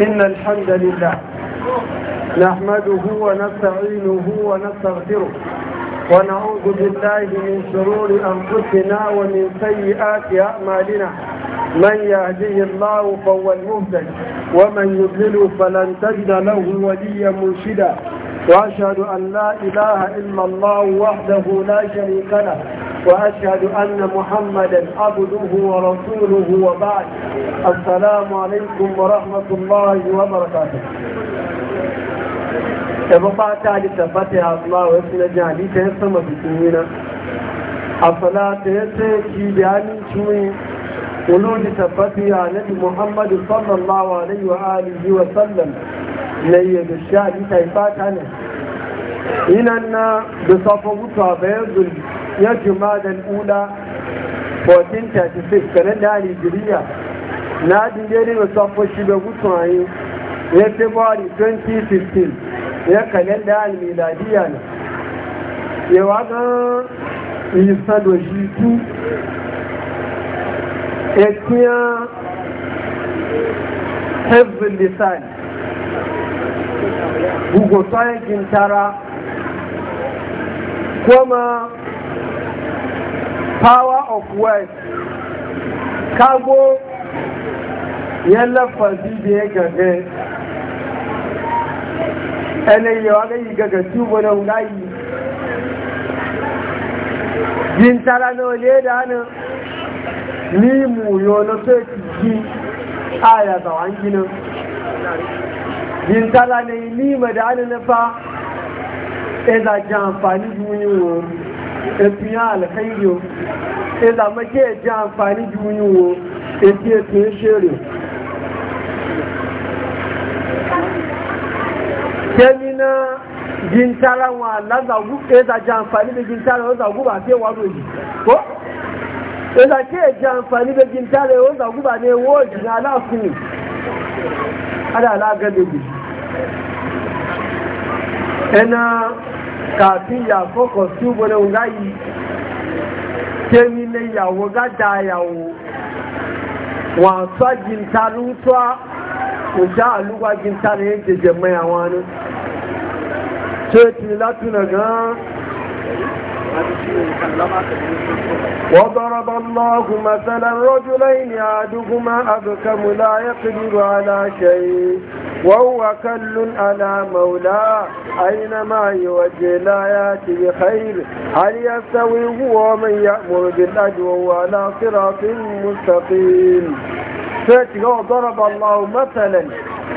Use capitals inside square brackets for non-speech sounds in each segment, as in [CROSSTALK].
إن الحمد لله نحمده ونستعينه ونستغفره ونعوذ بالله من شرور أنفسنا ومن سيئات أعمالنا من يهديه الله فهو المهتد ومن يضلل فلن تجد له وليا مرشدا وأشهد أن لا إله إلا الله وحده لا شريك له وأشهد أن محمدا عبده ورسوله وبعد السلام عليكم ورحمة الله وبركاته يبقى تعالي تفتح الله ويسنا جعلي تهسم بسنينا الصلاة يسكي بأمين شوي ولود تفتح نبي محمد صلى الله عليه وآله وسلم ليد الشعب تيفاتنا إننا بصفه صابر ya jumadan ula 1436 kalenda nigeria na dingere da safo shi bai gutsun ayi ya february 2015 ya kanan da kalenda miladiya ne ya waga yi sado shi tu ya kiya hezbin lisan gugota yankin tara kuma power of words kago ya lafazi da ya gaga ẹni yawa ga yi gaga tubo na ngayi jin tara na ole da hannun ni mu yono so ti ji aya zawan ginin jin tara na yi nima da hannun na fa ẹza jan amfani duniya wuri ẹ̀fìyàn e e àlẹ́kẹ́yìí e o ìdàmẹ́kẹ́ ẹ̀jẹ́ àǹfààní ju yín wo etí ètò ń ṣèrè kẹ́mi wọn alágbàgbú ẹ̀dàjẹ́ àǹfààní bí jintara ó zàgbú bá tẹ́ wàá kó ẹ̀jẹ́ àǹfààní ó ní ewó kàfin yàfọ́ kọ̀ sí wọlé ọ̀gá yìí tẹ́mi lè yàwó gádà yàwó wọ́n àtọ́ jìntà lóòótọ́ òjá àlúwà jìntà lè jẹjẹ mẹ́ àwọn ni ṣé ti látúnà gan-an وضرب الله مثلا رجلين أحدهما أبكم لا يقدر على شيء وهو كل على مولاه أينما يوجه لا يأتي بخير هل يستوي هو من يأمر بالعدل على صراط مستقيم sai ga daraba Allah matsalan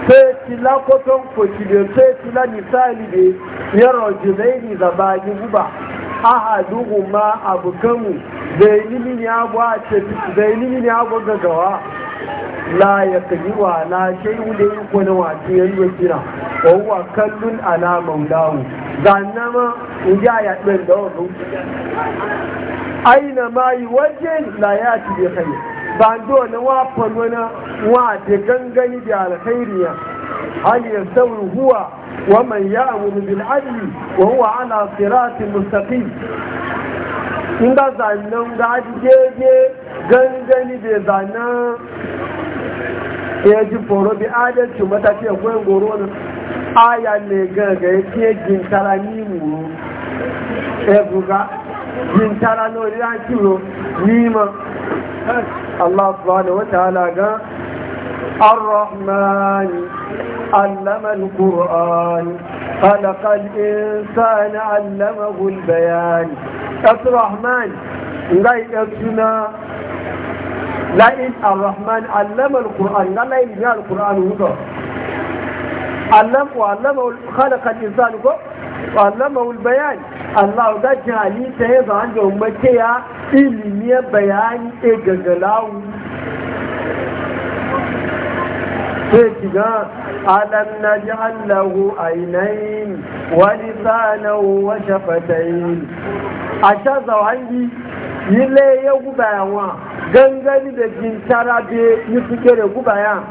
sai ci la koton sai ci misali da ya roji zaini da ba ni guba ahaduhuma abukamu zaini ni la ya kaji wa na shaihu da yi kone wace ya yi kira wa huwa kallon ala maulahu zannama in ji a yaɗin da wasu aina ma yi wajen la ya ci bai kai ba dole wa falwana wa ta gangani da alkhairiya hal yastawi huwa wa man ya'muru bil adli wa huwa ala siratin mustaqim in ga zannan ga jeje gangani da zannan ya ji foro bi adalci matafi ya kwayan goro wani aya ne gaga ya ce gintara ni muru ya e buga gintara na wani an kiro nima Allah subhanahu wa ta'ala ga الرحمن علم القرآن خلق الإنسان علمه البيان ngai لا يكتنا لئن الرحمن علم القرآن لا لئن جاء القرآن هدى علم وعلم خلق الإنسان وعلم البيان الله ده جهالي تهيز عن أمتي يا إلمي بيان إجلاو تجد ألم نجعل له عينين ولسانا وشفتين أشاز عندي yile ya guba wa gangani da jintara bi yi suke da guba ya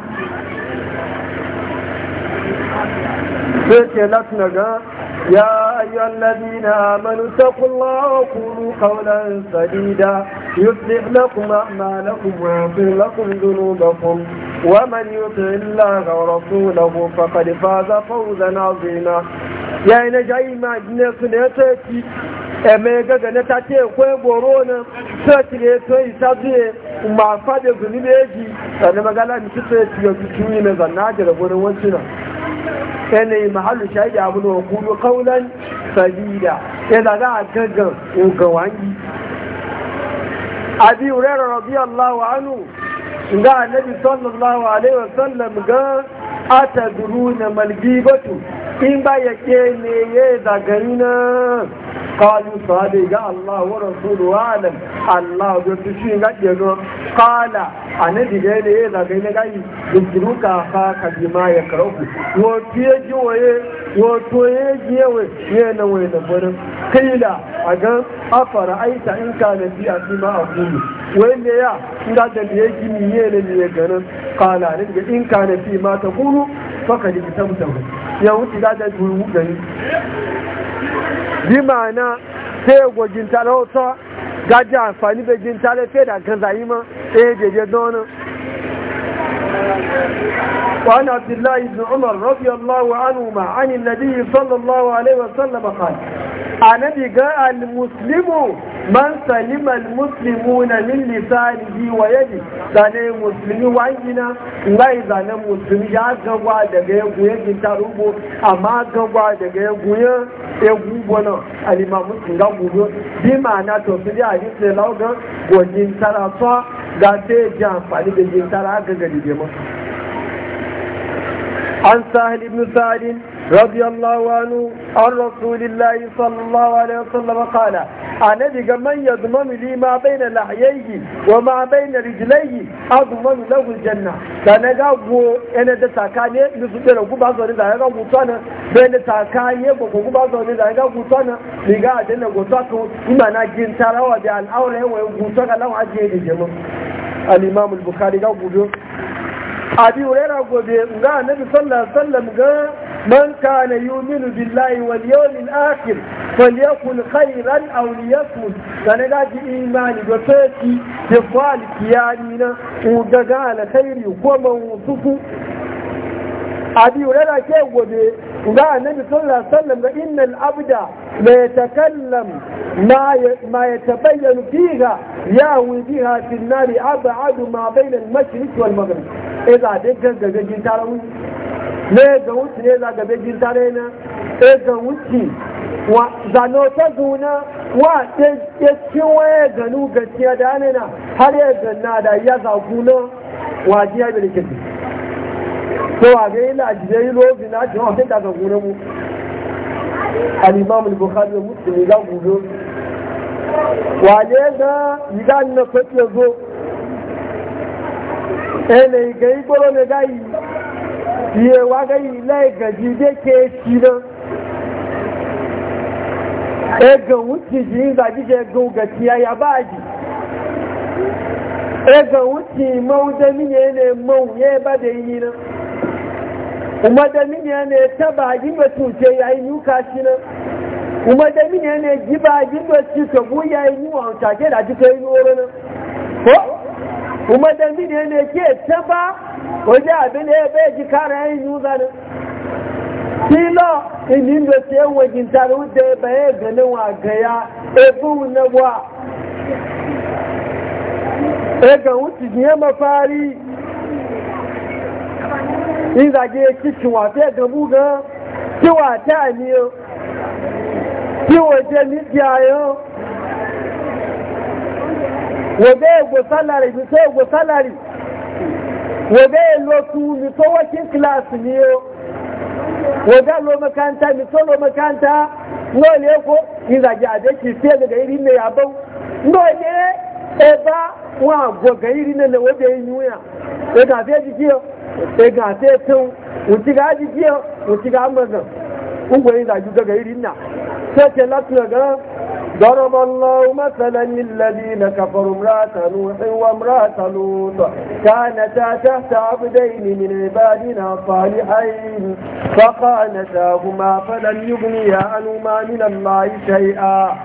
sai ke ga kula wa kuru sadida yusuf na kuma ma na kuma fi lakun dunu ومن يطع الله ورسوله فقد فاز فوزا عظيما يا نجاي ما جنس نتاتي eme gaga na ta ce kwai goro nan sai ne to isa zuye ma fa da zuni ne ji sannan magala mi tuta ya tiyo tuyi ne zanna da gurin wancina ene mahallu shaidi abu da kulu kaulan sabida ya daga a ga annabi sallallahu alaihi wasallam ga atadruna malgibatu in ba ya ke ne ya yi zagari na kalu sahabe ga Allah wa rasulu wa alam Allah ga su shi ga ke zo kala na ga ne ya yi zagari na da yukiru ka fa ka bi ma ya karauku wato ya ji waye wato ya ji we ye na we da burin kaila a ga afara aita in ka na fi ma a kulu wai ya ga da ya ji ni ye ne ne ganin kala ne in ka na fi ma ta kulu faka ji ta mutane ya wuce ga lada juyu gani bi ma'ana sai gwajin talauta gaji amfani da jin talafe da kan zayi ma ɗaya jeje donin وعن عبد الله بن عمر رضي الله عنهما عن النبي صلى الله عليه وسلم قال annabi ga al-muslimu man salima al-muslimuna min lisanihi wa yadi zane muslimi wangina ngai zane muslimi ya gagwa daga ya guye ginta rubo amma gagwa daga ya guye ya gugu na alima imam muslim ga gugu bi ma'ana to su da hadisi lauga gwajin tara fa ga sai ji amfani da jintara ga gari ma an sahil ibn sa'adin radiyallahu anhu an rasulillahi sallallahu alaihi wasallam qala anabi ga man yadman li ma baina lahyayhi wa ma baina rijlayhi adman lahu aljanna kana ga go ene da takane ni su tere ku ba so ni da ga go tsana be ne takane go go ba so ni da ga go tsana ni ga da ne go tsako ina na gin tarawa da al'aure wa go tsaka lawa je de jama al-imam al-bukhari ga go abi hurairah gobe ga annabi sallallahu alaihi wasallam ga man kana yu'minu billahi wal yawmil akhir falyakul khairan aw liyakul kana da ji imani da sai da fali kiyani na u daga alkhairi ko man sufu abi ke gobe ga annabi sallallahu alaihi wasallam ga innal abda la yatakallam ma ma yatabayyan fiha ya wi biha fi an-nar ab'ad ma bayna al-mashriq wal maghrib idza e dukkan gaga jin tarawu ne ga wuce ne za ga jin tare na e ga wuce wa zano zuna wa ya ciwo ya ganu gaskiya da na har ya ganna da ya zaguna wa jiya da kirki tó wà gẹ́ ilé àjìjẹ́ ilé òbí láti hàn kí ìdàgbà gúnrẹ́ mú alimami bukhari muslim ìdá gúnrẹ́ wà lé gan ìdá nínú pẹ́tù ẹgbó ìgẹ́ igbóró ní gá yìí iye wá gẹ́ ilé ìgẹ̀jì dé kéèkì náà egan wuce ji ìgbà jíjẹ egan gẹ̀tì ayabáàjì egan wuce mawudan ní yẹn lè mawun yẹ́ kuma da miniya ne ta bagin da tuce yayi yi shi nan kuma da miniya ne ji bagin da ci ta bu yayi yi yuwa wata ke da ji ta yi noro nan ko kuma da miniya ne ke ta ba waje abin da ya bai ji kara yayi yi yuza nan kilo inin da ta yi wajen tare wadda ya baye ganin wa gaya ebu na wa Ega wuce ne mafari in zage cikin wafe gabu ga kiwa ta aniyo kiwa je nijiyayo wòbẹ́ ègbò sálárì ní tó ègbò sálárì wòbẹ́ èlòtù ní tó working class ní o wòbẹ́ lo makanta ní tó lo makanta ní olè kó ìzàjì àdékì sí ẹgbẹ̀rẹ̀ ne àbọ́ ní olè ebe wọn àgọ́ gan yìí nílẹ̀ wọ́bẹ̀ inú yà ẹgà fẹ́ jíjí ọ ọ òtíga mọ̀gàn ń gbọ́ yìí làjú yìí nà fẹ́ látìlẹ̀ gan ضرب الله مثلا للذين كفروا امرأة نوح وامرأة لوط كانتا تحت عبدين من عبادنا صالحين فخانتاهما فلم يغنيا عنهما من الله شيئا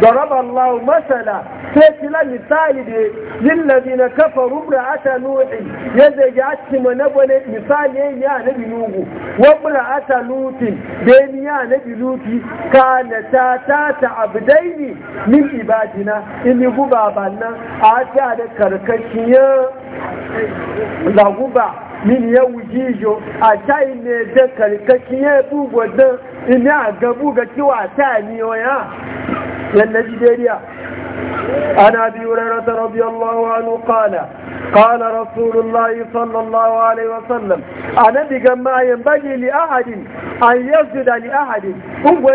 ضرب الله مثلا تيتلا مثال للذين كفروا امرأة نوح يزي عشم نبني مثال يا نبي نوح وامرأة لوط بين يا نبي لوط كانتا تحت عبدين shay'in min ibadina in ni guba banna a ta da karkashiya da guba min ya wujijo a ta ne da karkashiya bugo da in ya ga buga kiwa ta ni oya yan najeriya عن ابي هريره رضي الله عنه قال قال رسول الله صلى الله عليه وسلم انا بما ينبغي لاحد ان يسجد لاحد هو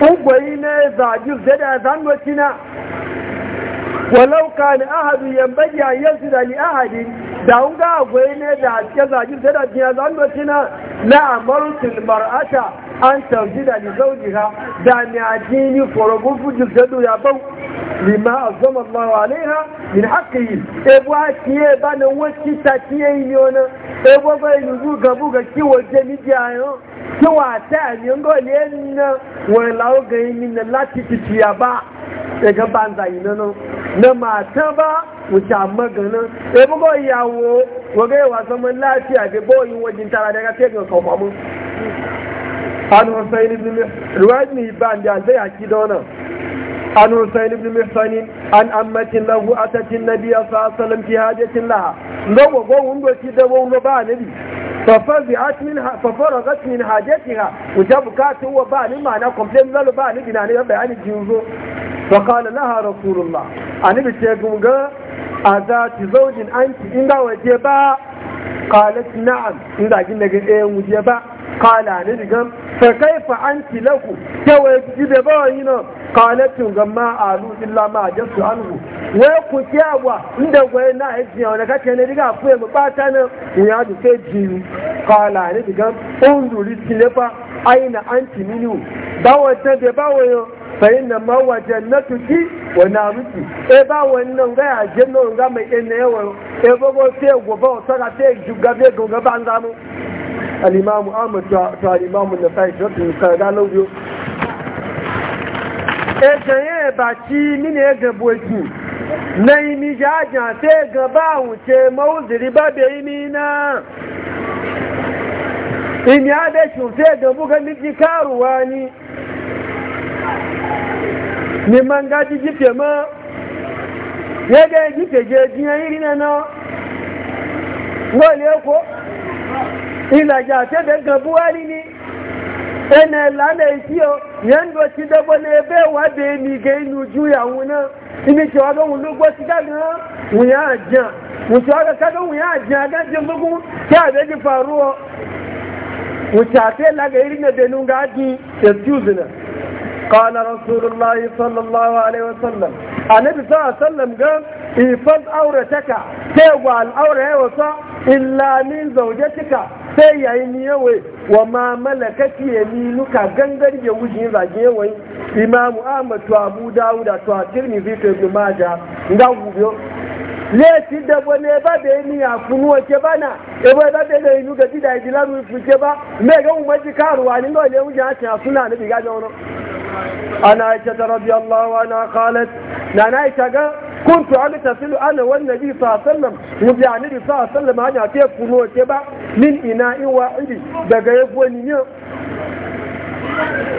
ugbayi na zaji zada zangocina walau ka ni ahadu yambagi a yanzu da ni ahadi da hunga agwai ne da haske zaji zada biya zangocina na amarutun mar'ata an tauji da ni zaujiha da ni a ajini forogun fujin zai ya bau lima azama Allah alaiha min haƙƙi ebo ake ba na wacce ta tiye yi ona ebo ba yi nuzu gabu ga kiwo jami'i ayo kiwa ta yi ngo le na wani lawo ga yi min lati titiya ba daga banza yi nan na mata ba wuce amma ganin ebo ba yawo wagai wa zaman lafiya da boyin wajen tara daga tegan zai عن حسين بن محسن عن أمة له أتت النبي صلى الله عليه وسلم في حاجة لها لو وقوم وكدوا وبا نبي ففرغت منها ففرغت من حاجتها وجبكات هو با نما أنا كومبلين لو با نبي أنا بيان جيوزو فقال لها رسول الله أنا بتشكم أذات زوج أنت إن وجبا قالت نعم إن ذاك نجد إيه وجبا kala ni digan fa kaifa anti lahu tawa gibe ba yino qalatun gamma alu illa ma jasu anhu wa ku tiyawa inda gwaye na haji wani kace ne diga e mu na ya du ji kala ni digan unduri tilefa aina anti minu ta de yo na ma wa jannatu ki wa naruki e ba wannan ga ya ga mai ene e o saka sai juga be gogo ban al'imamu ahmad ta al'imamu na sai jirgin karga lauyo e janye baki mini ya gabo ki na yi mi jajen sai gaba wuce mauziri ba da yi mina in ya da shi sai gabu ga miki karuwa ni neman gaji jife ma ya ga jife je jiyan irina na wale ko ìlàjà àtẹ́bẹ̀ gan buhari ní ẹnà ìlànà ìsí ọ yẹ́ndọ̀ ti dọ́gbọ́ ní ẹbẹ́ ìwádìí ní ìgẹ́ inú ojú ìyàwó náà ibi tí wọ́n lóhun ló gbọ́ sí dágan قال رسول الله صلى الله عليه وسلم النبي صلى الله عليه وسلم قال إفض أورتك تيوى الأورة وصع إلا من زوجتك sai yayin ni yawai wa ma malakati ya ka gangar ya wuce zage yawai imamu ahmad to abu Dauda to a tirmidhi to ibn majah nga gubiyo lẹ́ẹ̀tì dẹ̀bọ̀ ebe ba bẹ̀ẹ́ ní àfúnú ọ̀kẹ́ bá náà ẹbọ̀ ẹbá ebe lè inú gẹ̀dídà ìdílárù ìfúnkẹ́ bá mẹ́gẹ́ òun mẹ́jì káàrùwà nílò ilé oúnjẹ àti àfúnà níbi gájọ́ ọ̀nà. ana aisha ta na na na aisha kuntu ali tasilu ana wani nabi sallam wujani da sallam hanya ke kuno ke ba min ina in wa'idi daga ya ni ne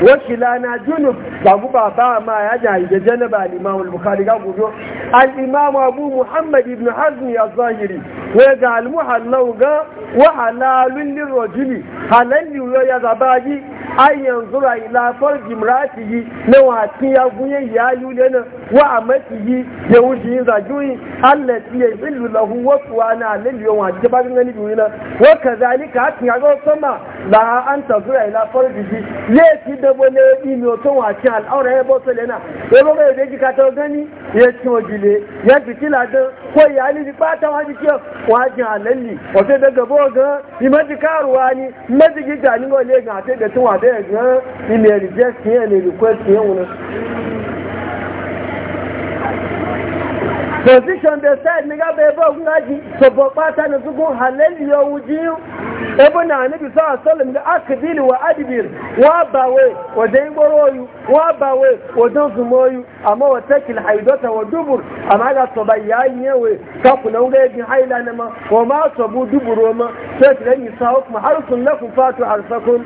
Wakilana junu junub ba mu ba ba ma ya da janaba al-imam al-bukhari ga gudo al-imam abu muhammad ibn hazm ya zahiri wa ga al-muhallu ga wa halalun lirrajuli halalli ya zabaji an yanzu ra ila farji muratihi na wati ya gunye ya yule na wa amatihi ya wuce yin zajuyi allati ya lahu wa tuwana lalli wa wati ganin wa hatin ga sama ba an tafiya ila farfiji laifi da bane imi otun wakin al'aura ya boso lena ya baka yau da ji kata gani ya ci wajile ya fiti ladan ko ya ni ji bata waji kiyo wajin alalli wato da gabo ga imaji karuwa ni maji gija ni ngole ga te da tun wada ya ga imi rejection ya ne request ya wuna position da side ni be bo ngaji aji sabo pata na zugun halali ya wuji ebe na anabi sa asalim da akdil wa adbir wa bawe dai boroyu wa bawe wajen zumoyu amma wa takil haidata wa dubur amma ga soba yayi we ka na ga yajin haila na ma wa ma bu duburo ma sai ki yi sa harsun lakum fatu harsakum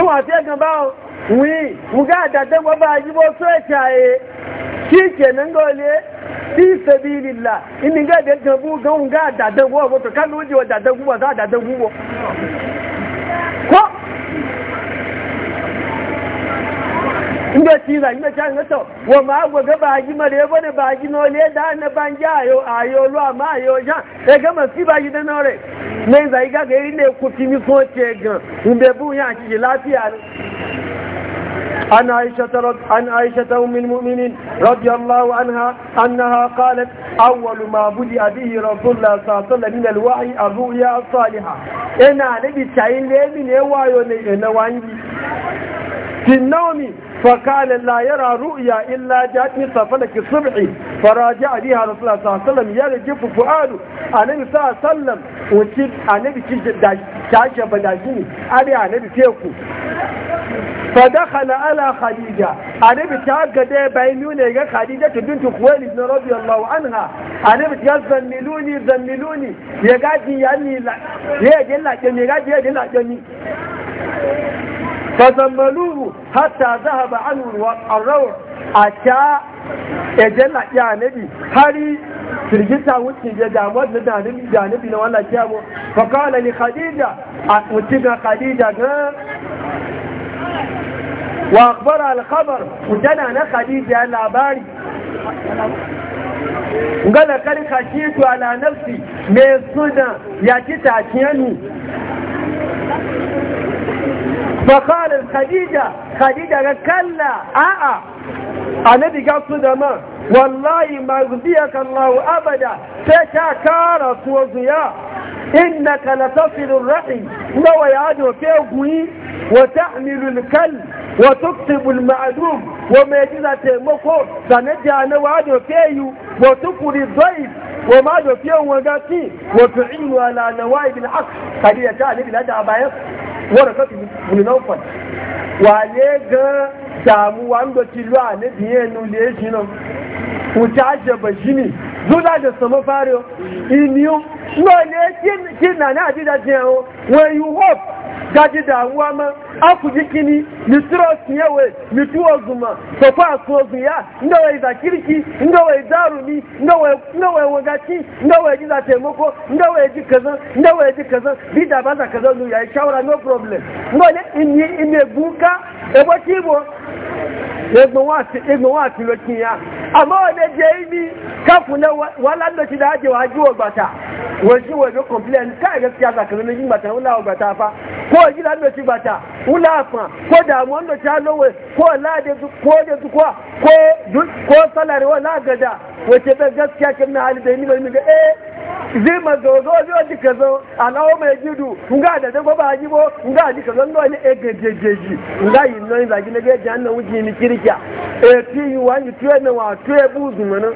kí wọ́n fi ẹ̀gàn bá wín múgá àdàdẹ́ gbọ́bá àjíbó tó ẹ̀kì ààyè kí ìkẹ̀ nígbọ́lé tí ìsẹ̀bí ìlìlà ìnígá ìdẹ́gàn bú múgá àdàdẹ́ inda ci za inda ci ngato wa ma go ga baji mare bane baji no le da na banja ayo ayo lo ama ayo ja e ga ma si baji da nore Me za iga ga ri ne ku ti mi fo che gan inde bu ya ci lafiya عن عائشة رض... عن عائشة أم المؤمنين رضي الله عنها أنها قالت أول ما بدأ به رسول الله صلى الله عليه وسلم من الوحي الرؤيا الصالحة أنا نبي تعين لي من يوايو نوانجي في النوم فقال لا يرى رؤيا إلا جاءتني صفلك الصبح فراجع بها رسول الله صلى الله عليه وسلم يرجف فؤاده النبي صلى الله عليه وسلم وكيف النبي تاشا بداجيني أبي النبي تيكو فدخل على خديجة النبي تاقد بينوني خديجة بنت خويل خويلد رضي الله عنها النبي تقال زملوني زملوني يقاجي يعني لا يقاجي لا يقاجي لا فزملوه حتى ذهب عنه الروع أشاء أجل جانبي هاري firgita wuce ya damuwar da janibi janibi na wannan kyamu fa kala li khadija a mutum khadija ga wa akhbara al mutana na khadija labari ngala kar khashitu ala nafsi me suna ya ci kitaciyani fakalar khadija khadija ga kalla a'a a nabi gasu da man wallahi ma kan kallahu abada sai ta kara tuwa zuya inna ka la ra'i nawa ya dofe guyi wa ta'milul kal wa tuktibul ma'adum wa mai jiza taimako na wa wa tukuri zaif وما دفيا وقاتي وتعين على نوائب العقل قد يتعلم لدى أبايس wọ́n kọ́ ìbùnà ọ̀fọ̀ wà lé gan dààmú wa ń dọ̀tí lọ àlébi yẹn nu lè ṣì náà wùtí àjẹbẹ̀ ṣì ní lódà jẹ sọmọ fáre o ìníyó náà lè kí nàní àdídà jẹun gaji damuwa ma aku ji kini mi tiro siyewe mi zuma sofa a tuwo zuya inda wai za kirki inda wai zarumi inda wai wagaci inda za taimako inda wai ji kazan inda wai ji bi da ba za kazan zuya ya shawara no problem inda ne in yi in ne buka ebo kibo egbon wa amma wane je ibi kafu na walanda shi da ake waji wa gbata wani wajen complain kai gaskiya sakamakon shi gbata wula wa gbata fa ko ji da ndoci gbata wula fa ko damu damuwa ndoci halowe ko lade ko da tukwa ko salari wa lagada wace gaskiya kin na hali da yi ni ga eh zima zozo zo ala kazo alawo mai nga da da baba ji nga di kazo ndo ne e gejejeji nga yi no inda gi ne ge jan na wuji ni kirikya, e ti yi wa e e e ni tuwe na wa tuwe buzu mana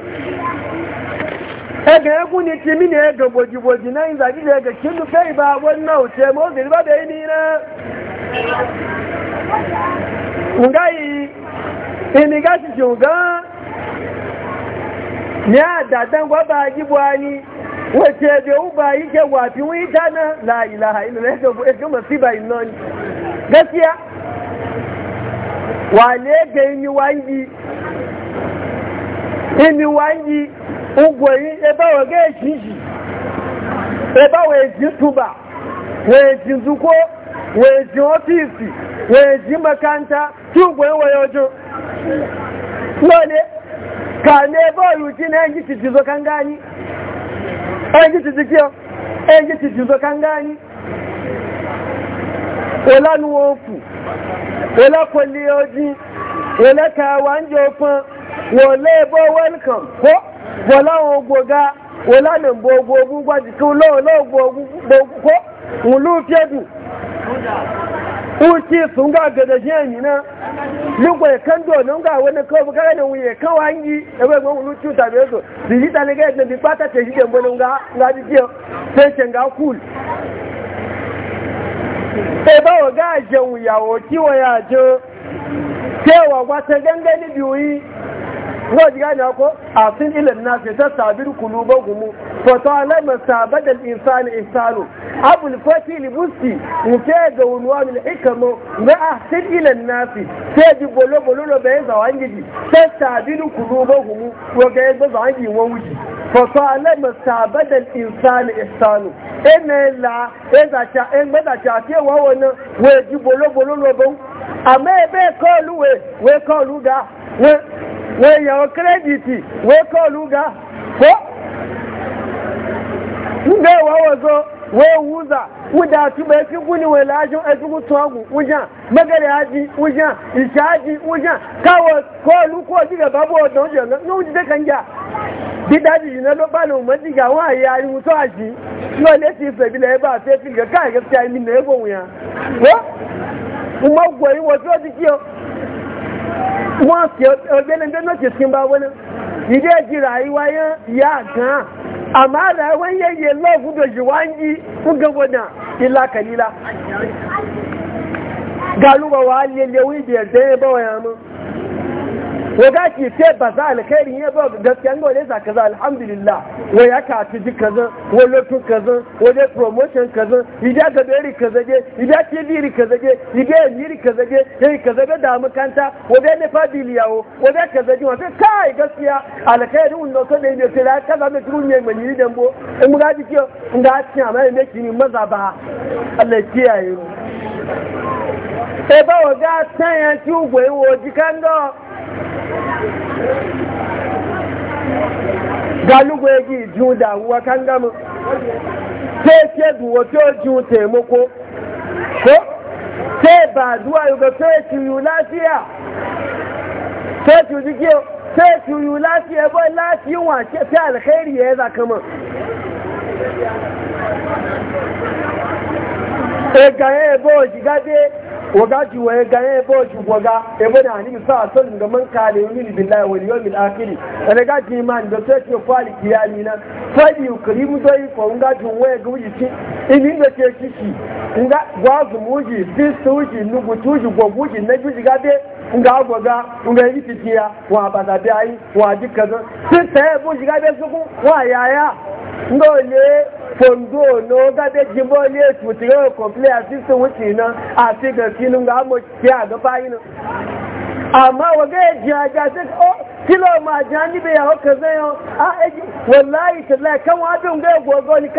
Ege ga egwu ni ti mi ne ga boji boji na inda gi ne ga kinu kai ba wannan uce mo ziri ba da ni na nga yi ini ga ci junga ni a dadan gwaba ji bo ani wace da uba yake wafi wita na la ilaha illa ya ga gama siba inna gaskiya wale ga yi ebe ebe eji makanta tí ugwoyi wa yojo lole ka ebe oyu na enyi ti jizo kan ẹjí ti ti kí ọ ẹjí ti ti tó kángáyí ọlánúwọ́ òkú ọlápọ̀lẹ̀ ọjí ọlẹ́kàwà ń jẹ òpin wọ̀lẹ́ ẹbọ́ welcome kó wọ́láwọn ogbòga wọ́lánà gbogbo ogun gbájìkú lọ́wọ́ lọ́wọ́ wulu fedu uci sun ga gada jeni na lugwa ya kan dono ga wani kawo kaga da wuye kawo hangi da bai gwan wulu cuta bai so su yi taliga yadda bi fata ce shi ke mbani ga ga ji ce sai ga kul e ba wa ga jen wuya wa kiwa ya je cewa wata gangani biyu yi wa ji gane ko a sun ilin na sai ta sabir kulubar gumu fata alamar sabadar insani insanu abu alfati libusti nke ga unwanu hikamu ga ahsin ila nasi sai ji bolo bolo lo bai zawangi ji sai tabilu kulubahumu wa ga yanzu zawangi wa wuce fasale masabadal insani ihsanu ene la eza cha en bada cha ke wa wona we ji bolo bolo lo bon ama ebe ko luwe we ko luga we we ya credit we ko luga ko nde wa wazo wuza wuda tu bai fi guni wai lajin a fi hagu wujan magari haji wujan ishaji wujan kawo ko kọ diga babu ọdọ ọjọ náà wọ́n jíde kan jà dídájì yìí náà ló bá lòun mọ́ diga wọ́n àyè ariwo tó àjí náà lè ti fẹ̀bi lẹ́yìn bá fẹ́ fi gẹ̀ká àgẹ́fẹ́ àìmì náà ẹ̀gbọ̀n wọn. wọ́n mo gbọ́ ìwọ tí ó ti kí ọ wọ́n fi ọgbẹ́ni gbẹ́nà ti sin bá wọ́n ìdí ẹ̀jì ràíwá yá gan àmà ràíwá yẹ́yẹ lọ́ọ̀fù dòjì wá ń yí fún gẹ́gbọ́nà ilá kẹlílá lè lè wí ìdí ga ke ce ba za alkhairi ya ba gaskiya ga za ka kaza alhamdulillah wai ya kaci ji kaza wai lotu kaza wai promotion kaza idan ga beri kaza je idan ka biri kaza je idan yiri kaza je yayi kaza ga da makanta wadda ne fa biliyawo wadda kaza ji wata kai gaskiya alkhairi wanda so ne ne sai kaza me turun ne mani dan bo in mu ji ki in ga ci amma ne ki ni maza ba Allah kiyaye mu e ba wa tan yan ci ugwe wo ji kan do galugo ya jun da damuwa kan gama sai ce duwa jun ju taimako ko sai ba zuwa yuga sai ciyu lafiya sai ciyu jikiyo sai ciyu lafiya ba lafiyin wace sai alkhairi ya yi zakama ẹ̀gà ẹ̀ bọ́ waga ji ya ga ya ba shi waga e bada hani sa son ga man kale yuni billahi wani yawmil akhir ana ga ji ni da sai ke fali kiyami na fali ukrim dai ko nga ji waye ga wuji ci in da ke kishi nga gwazu muji bisu uji nugu tuji wuji, na ji ga be nga gwaga nga yi titiya wa bada bai wa dikkan sai sai bu ji ga be su ku wa yaya ngole fondo no gabe jimbo ne tuti ga komple assist wuce nan a ci ga filin ga mu ci ga bayin amma waga ya ji aja sai o kilo ma jani be yawo ka zai a eji wallahi tallahi kan wa bi ga gogo ni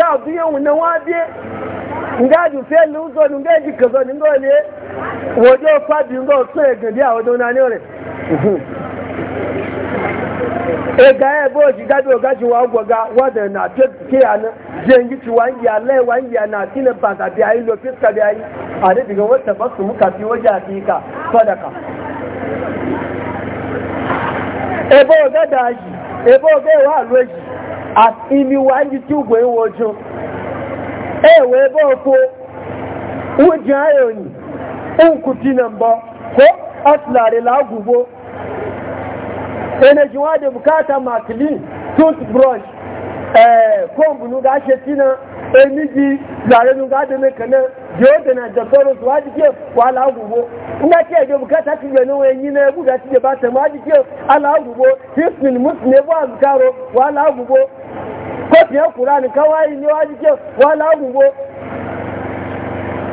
ka ji ega ebe o ji gado oga ji wa gwaga wadda na ke ya na jengi ci wangi ya lai wangi ya na tina ba ka biya yi lofi ka biya yi a da diga wata ba su muka fi waje a fi ka sadaka ebe oga da ji ebe oga ewa alo ji a imi wangi e ti ugwe iwe ojo ewe ebe ofo uji ayo ni nkuti na mbọ ko asilari la energy wa da bukata makilin toothbrush eh, comb nu ga ṣe sínú emiji zare nuga ga dẹ̀mẹ̀ kanáà jọ́dẹ̀nà dẹ̀sọ́rọ̀ tó wájú kí wàhálà àgùgbò nígbà tí bukata ti yẹ̀ níwọ̀n ẹ̀yìn náà ẹ̀bùdà ti yẹ̀ bá tẹ̀mọ̀ wájú kí muslim ẹ̀bù àgùkárò wàhálà àgùgbò kóòtù ẹ̀kúrà nìkan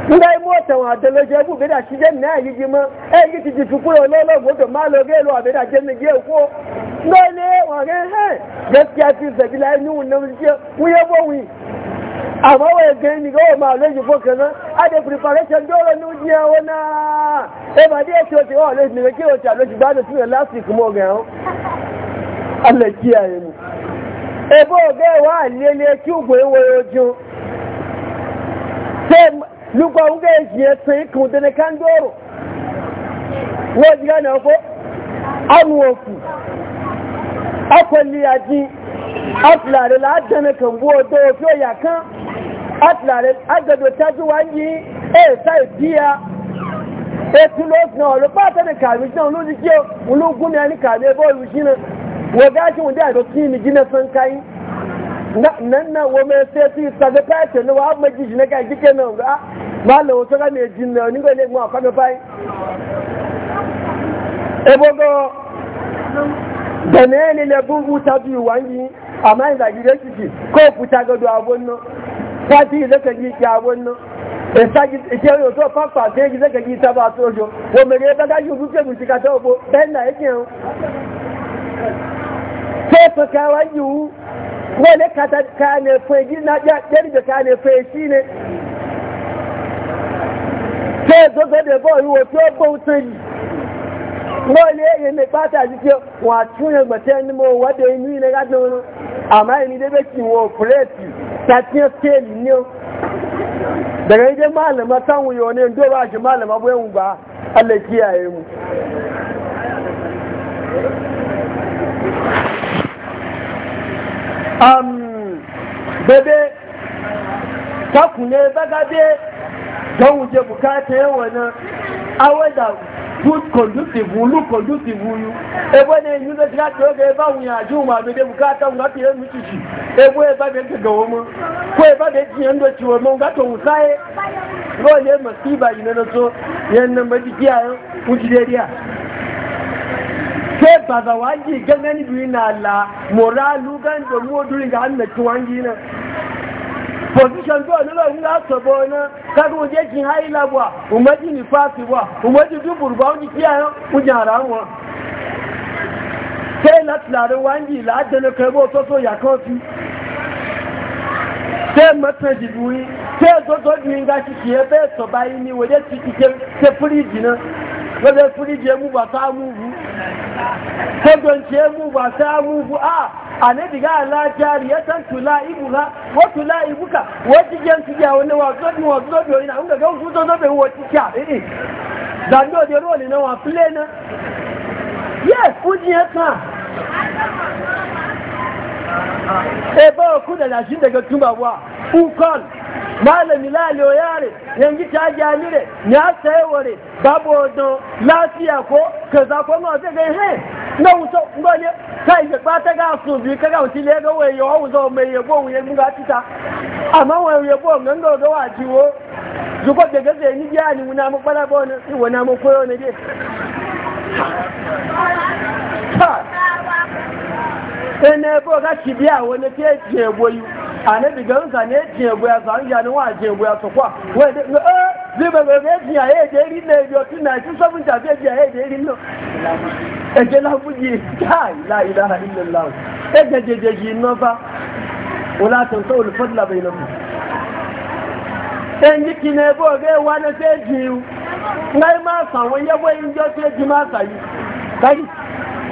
ngai mota wa da leje bu be da shi jen na yi ma e yi ti ti tukuro lo lo bo to ma lo ge lo be da jen ge ko no le wa ge he gaskiya ti se bi la ni un na ji ku ye bo wi amma wa ge ni go ma lo ji fo kana a de preparation do lo nu ji wa na e ba de to ti o le ni ge o lo ji ba do ti last week mo ge o Allah mu ebo ge wa lele ki ugwe wo ojo lukwa unga ejiye sai kudane kan doro wọ́n yá náà fọ́ àwọn òkú akwẹ̀lẹ̀ àjí atìlàrẹ̀ látẹ̀nẹ̀ kàngbó ọdọ́ ya ọ̀yà kan atìlàrẹ̀ agbẹ̀dọ̀ tẹ́jú wá yí ẹ̀ẹ̀sá ìbíya ètù lóòsìnà ọ̀lọ́pàá tẹ́nẹ̀ kàrí jẹ́ olóòdí jẹ́ olóògùn ní ẹni kàrí ẹbọ́ ìlú jìnà wọ́n gá ṣe wọ́n dé àdó kí ni jìnà fún káyí nánà wọ́n mẹ́fẹ́ sí ìsàgbẹ́pẹ́ ẹ̀tẹ̀ ni wọ́n á mẹ́jì jìnà ká ìjíkẹ́ náà máa lè wò sọ́kà méjì nà onígbà ilé ìgbọ́n ọ̀kọ́ mi fáyé. ebogo dẹ̀nẹ́ ni ìwà yìí àmá ìdàgídé kìkì kó òkúta gọdọ̀ àwọn náà pàtí ìlẹ́kẹ̀jì ìkì àwọn náà ìṣẹ́ yóò tó pápá sí ìlẹ́kẹ̀jì ne ṣé ìgbógbóde bọ́ ìwò tí ó bó tán yìí wọ́n ilé èyí ní pátá àti tí yau ne bai ba mu bebe bagabe don wuje bukata yawa na awada good conducive wulu conducive wuyu ebe ne yi zai shiga tsoron ga ebe wuya e e e ji ma bebe bukata nga fiye mutu shi ebe ebe bai ga gawo mu ko ebe bai ji yando ci wa mun gato musaye role masiba yi na so yan nan ba jiki a yan wuci dariya ke ba za wangi gangan biyu na la moralu gan da mu durin ga annaci wangi na position tó nílò ìlú àtọ̀bọ̀ ọ̀nà kágbó jẹ́ kí á ìlà wà òmọ́jì ní fáàfì wà òmọ́jì tó bùrùbá ó ní kí àyán ó jẹ àrá wọn tẹ́ láti láàrin wá ń yìí láàdẹnu kẹgbọ́ tó tó yà fi tẹ́ mọ́tàn jìbù yín tẹ́ tó tó di nga ṣiṣi ẹ bẹ́ẹ̀ tọ̀bá yín ni wọ́n ti ṣe fúríjì náà wọ́n yẹ fúríjì ẹ kagance mu ba ta mu a a ne diga ala ya san tula ibuka wa tula ibuka wa jigen su ya wani wa zo ni wa zo do ina unga e, e. yes uji ya ta ebe ku da lashin daga tubawa ukon malami lalo yare yanzu ta jamire ya saye ware babu don lafiya ko kaza ko ma zai gai he na wuso ngole ta yi ba ta ga su bi ka ga wuti Ne ga waye wa wuzo mai yabo wuye mun ga tita amma waye yabo ngan do ga waji wo zuko daga zai ni ya ni muna mu fara ba wani wana mu koyo ne dai ene bo ga ki biya wani ke je boyu anabi ga nsa ne je boya san ja ni wa je boya to kwa we de eh bi be be ti ya ye ri ne yo ti na ti so mun ja be ya ye ri no e je la buji kai la ilaha illallah e je je je ji no fa wala tan to ul fadla bainakum e ki ne bo ga wa na se ngai ma sa wo ye in jo te ji ma yi kai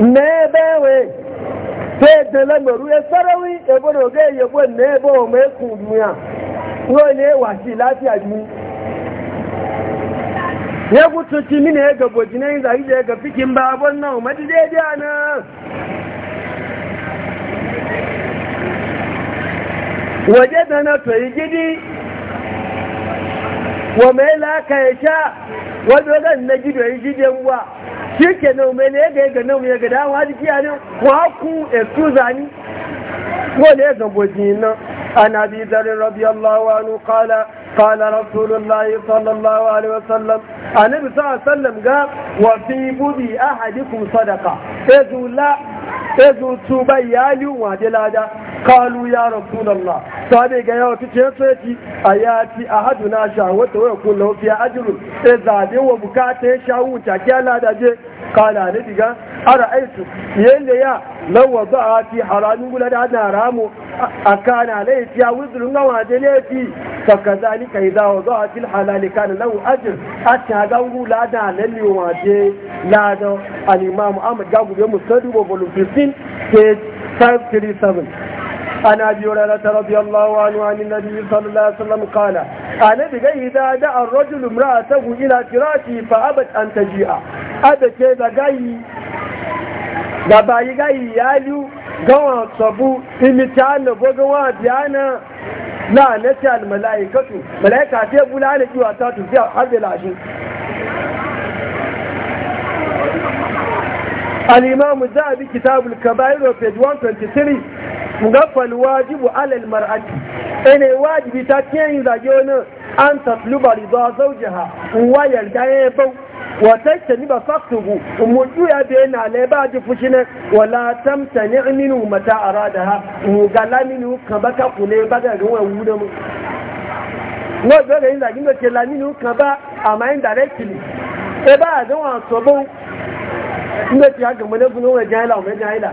n'ebe enwe fedele meru esarewi ebore oge eyegbo n'ebe ome ekuru ya na ga fikin babon nan umarci daidai na waje da na toyi gidi ya ngwa. shi ke nan mai ne ga na nan ya ga dawa jiki a ne wa ku excuse ni ko ne ga boji nan an abi zari wa anhu qala qala rasulullahi sallallahu alaihi wasallam annabi sallallahu sa Sallam, ga wa fi budi ahadikum sadaqa ezula ezu tuba yalu wa dilada kalu ya rasulallah sabe ga yawa ta ce sai a yati a hadu na shawata wa kun lahu fiya ajrun sai zabe wa bukata ya shawu ta kyala da je kala ne diga ara aitu yanda ya law wada'a fi haramin gula da hada haramu akana laifi ya wuzurun ga waje laifi fa kazalika idza wada'a fil halal kana lahu ajr hatta ga gula da lalli waje lado al imam ahmad ga gube musadu bo volume 15 page 537 عن ابي هريره رضي الله عنه عن النبي صلى الله عليه وسلم قال انا بغي اذا دعا الرجل امراته الى فراشه فابت ان تجيء هذا شيء بغي da bayi gayi ya liu gawon sabu imita na gogonwa biyana na nasiyar mala'ikatu mala'ika sai bula da ciwa ta tafiya har da lashe al za a bi kitabul kabairo page 123 gafal wajibu alal mar'ati ene wajibi ta kiyayin zage wani an tasluba rida zawjaha wa yarda ya bau wa tajtani ba faktuhu umutu ya be na le ba ji fushi ne wala tamtani minu mata ha, mugala minu kan ba ka kule ba ga ruwa wuda mu no be ga inda gindo ce la minu kan ba ama indirectly e ba a ga wa so bo ndo a aga mo ne bunu wa jahila o me jahila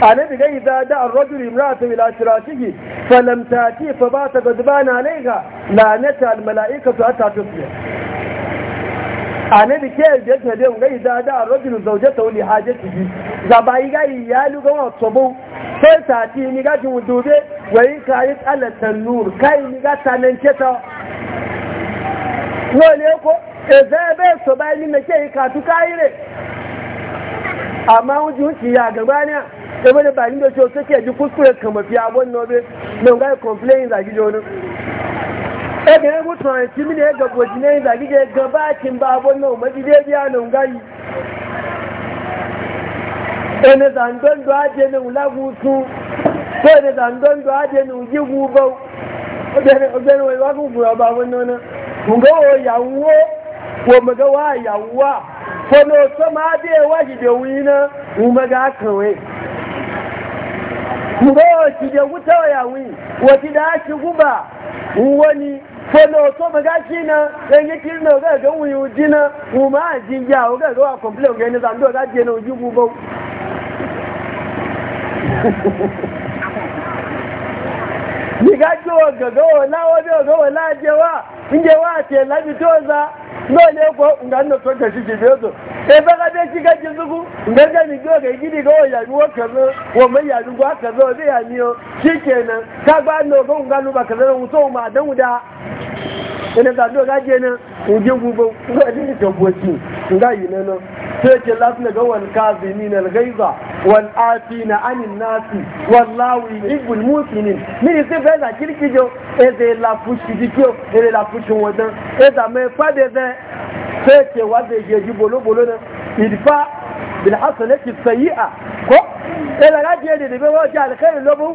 annabi ga idza da ar-rajul imra'atan ila shirakihi falam tati fa ba bata gadban alayha lanata al-mala'ikatu hatta tusbih annabi ke da ta da ga idza da ar-rajul zawjatahu li hajatihi zabai ga iyalu ga wato sai tati ni ga jin dube wai kai ala tanur kai ni ga tanan keta wale ko e zabe so bai ni me ke ka tu kai amma wajen ya gaba ne game da bayan da cewa suke ji kuskure kama fiye abon nobe mai ga complain zagi jonin ebe ya mutu a yanki mini ya gabo jine zagi da gabatin ba abon nobe maji dai biya nan gayi ene zandon do aje ne ulagutu ko ene zandon do aje ne ujigu bau ojene ojene wa ku bu ba wonno na ngo ya wo wo maga wa ya wa fọlọ tó máa dé wájú da wuyi na kuma ga kawai kuma wace da wuta wa yawun wace da ake guba wani fọlọ tó máa gashi na ɗan yi na ga ga wuyi uji na kuma a ji ya o ga gawa kwamfila ga yana zando ga je na uji gubo ni ga ji wa ga gawa lawa bai wa gawa lajewa inje wa ce labi toza lóòlẹ́ kó nga ń lọ́tọ́ kẹ̀sí ti fi ọ́tọ̀ ẹgbẹ́ ká bẹ́ẹ̀ tí kẹ́jì sukú nga ń gẹ́ni gbé ọ̀gẹ̀ gidi kó wọ́n yàgbé wọ́n kẹ̀sọ́ wọ́n mẹ́ yàgbé wọ́n kẹ̀sọ́ ọdẹ yàmi o kí kẹ̀nà kágbá ń lọ fún nga lóba kẹ̀sọ́ ọ̀hún tó ma dẹ́hùn dá سيك الله تلقى والكاذمين الغيظة والآتين عن الناس والله يحب المؤمنين من يصير في هذا كل كيجو إذا لا فوش كيجو إذا لا فوش ودن إذا ما يفاد ذا سيك وده يجي بلو بلو يدفع بالحصل لك السيئة كو إذا لا جيدي دي بواجه الخير لبو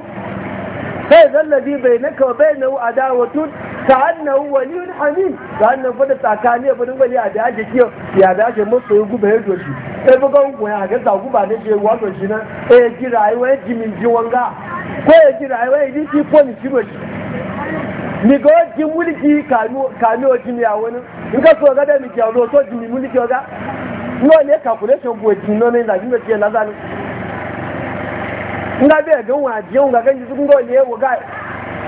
هذا الذي بينك وبينه عداوة ka annahu waliyun hamid ka annahu fada tsakani ya fadin wali a da ake kiyo ya da ake musu yi guba ya ga guba ne ke wa doshi nan eh ji ya ji min ji wanga ko ya ji ya ji ko ji ni ga ji kanu kanu o ji mi a so ga da mi ji mi calculation ji ni. nga ji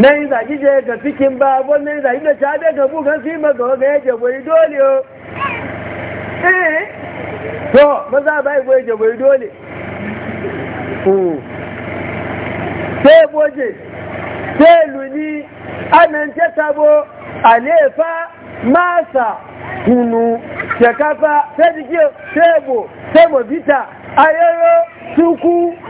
na yi zaki je ga cikin babu na yi zaki da shaɗe ga bukan fi maka ga ya jagwai dole o eh to maza ba yi goyi jagwai dole sai hmm. boje sai luni amince sabo alefa masa kunu shekafa sai jikin sebo sebo bita ayoyo, tuku.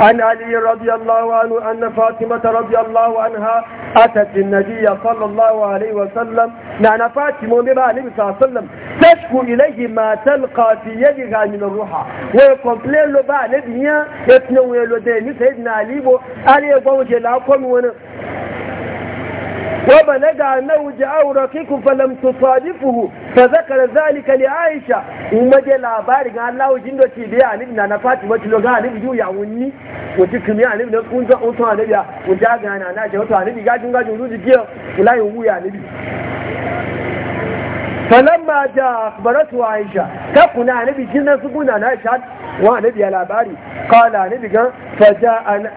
عن علي رضي الله عنه أن فاطمة رضي الله عنها أتت النبي صلى الله عليه وسلم معنى فاطمة بما النبي صلى الله عليه وسلم تشكو إليه ما تلقى في يدها من الروحة ويقوم له بقى نبيا يتنوي له ديني سيدنا علي بو علي يقوم جلاكم ونبيا وبلغ أنه جاء رقيق فلم تصادفه فذكر ذلك لعائشه وما جاء لابار قال الله جند وشيدي عن ابن أنا فاتمة لغا عن ابن يعوني وتكمي عن ابن أنت أنت عن ابن وجاء عن أنا جاء عن ابن قاعد نقاعد نقول جيو لا يومي عن ابن فلما جاء أخبرته عائشه كفنا نبي ابن جنة سبونا عن عائشة وعن ابن قال عن ابن فجاء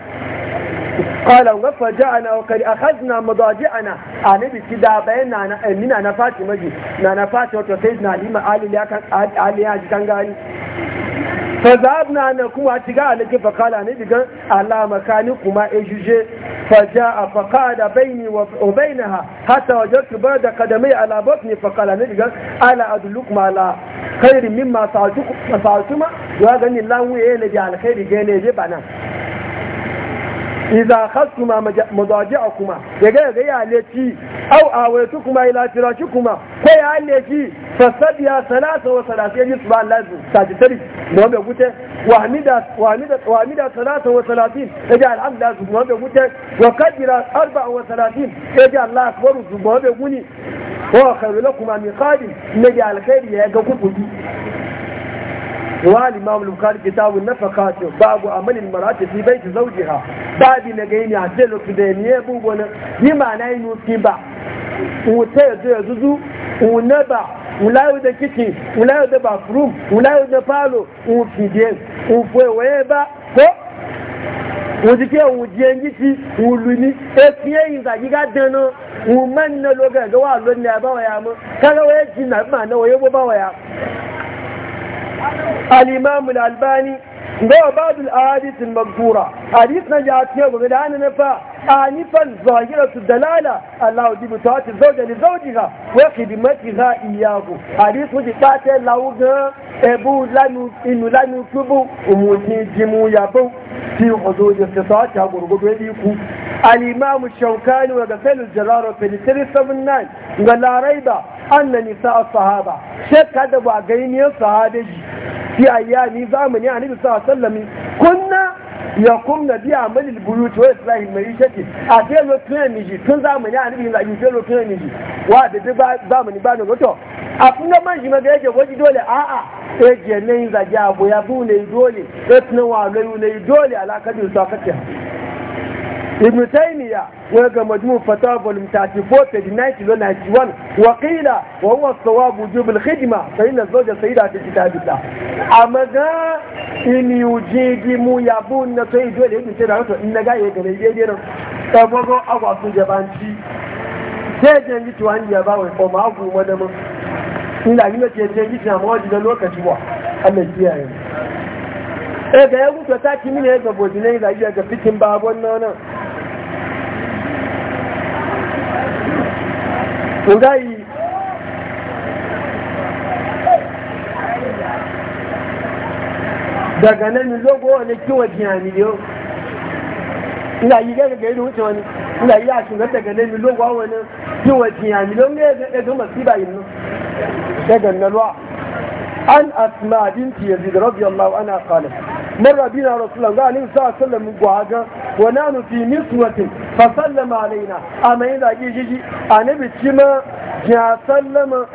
qala wa faja'ana wa qad akhadna madaji'ana anabi kida bayana na amina na fatima ji na na fatima to sai na lima ali ya kan ali ya ji kan gani fa na kuma tiga alaki fa qala ne digan ala makani kuma ejuje فجاء فقعد بيني وبينها حتى وجدت بعد قدمي على بطني فقال نجد ألا أدلكم على خير مما فعلتما وأغني الله وإيه نجي على خير جاني جبنا iza a kuma, ya ga ga ya leci au awaitukuma ila firashikuma ko ya leci fasabiya salasa wa salasa yaji subhanallahi sajitari da wanda gute wa hamida wa hamida wa hamida salasa wa salatin yaji alhamdulillah da wanda gute wa kadira arba'a wa salatin yaji allah akbar da wanda guni min ya ga kuku رواه الإمام البخاري كتاب النفقات باب عمل المرأة في بيت زوجها باب نجيني عسلو في دينيه بوبونا بما نينو كبا وتيزو يزوزو ونبع ولاو دا كيكي ولاو دا بافروم ولاو دا فالو وفيدين وفويبا wòdìkẹ́ òun jẹ́ ní ti wùlù ní ẹkùn ẹ̀yìn ìgbàgígá dáná wùn mẹ́rin náà lọ́gẹ̀ẹ́gẹ́ wà lónìí àbáwọ̀ ya mọ́ kálọ́wọ́ ẹ̀jì nàbí màá náà wọ́n yóò bọ́ báwọ̀ ya الامام الالباني ده بعض الاحاديث المذكوره حديثنا جاءت يوم بدعنا نفا انفا ظاهره الدلاله الله يجيب توات الزوج لزوجها وخدمتها اياه حديث وجه طاعة ابو لانو انو لانو كبو وموتي جمو يابو في حدود استطاعتها برغب يليكو الإمام الشوكاني وغسل الجرار في 379 قال لا ريب anna nisa sahaba sai ka da ba gainiyar sahabeji fi ayyami zamani annabi sallallahu alaihi wasallam kunna ya kumna bi amalil buyut wa islahi marishati a sai lokacin miji tun zamani annabi da yi sai lokacin miji wa da da zamani ba ne goto a kuma man shi maga yake goji dole a a eje ne yin zagi abu ya bu ne dole e tunan wa ne dole alaka sa sakati ibn تيمية wa مجموع majmu fatawa volume 34 page لون 91 wa qila wa huwa sawab wujub al khidma fa inna zawja sayyida fi kitabillah amaga in yujigi mu yabun na sai dole ibn taymiya to in naga ya gare je ne nan tabago agwa su jabanci sai je ni to an ya ba wai ko ma na ga ya ta kimi ne ga bojine da iya ga fitin nan ngai daga nan logo wani kiwa jinani yau ina yi daga gari wuce wani ina yi a shigar daga nan logo wani kiwa jinani yau ne ya ga masiba yin nan daga nan an asma binti rabi radiyallahu ana qalat مر بنا رسول الله عليه الصلاة والسلام وعجا ونحن في نسوة فسلم علينا أما إذا يجي أنا بتشما جاء سلم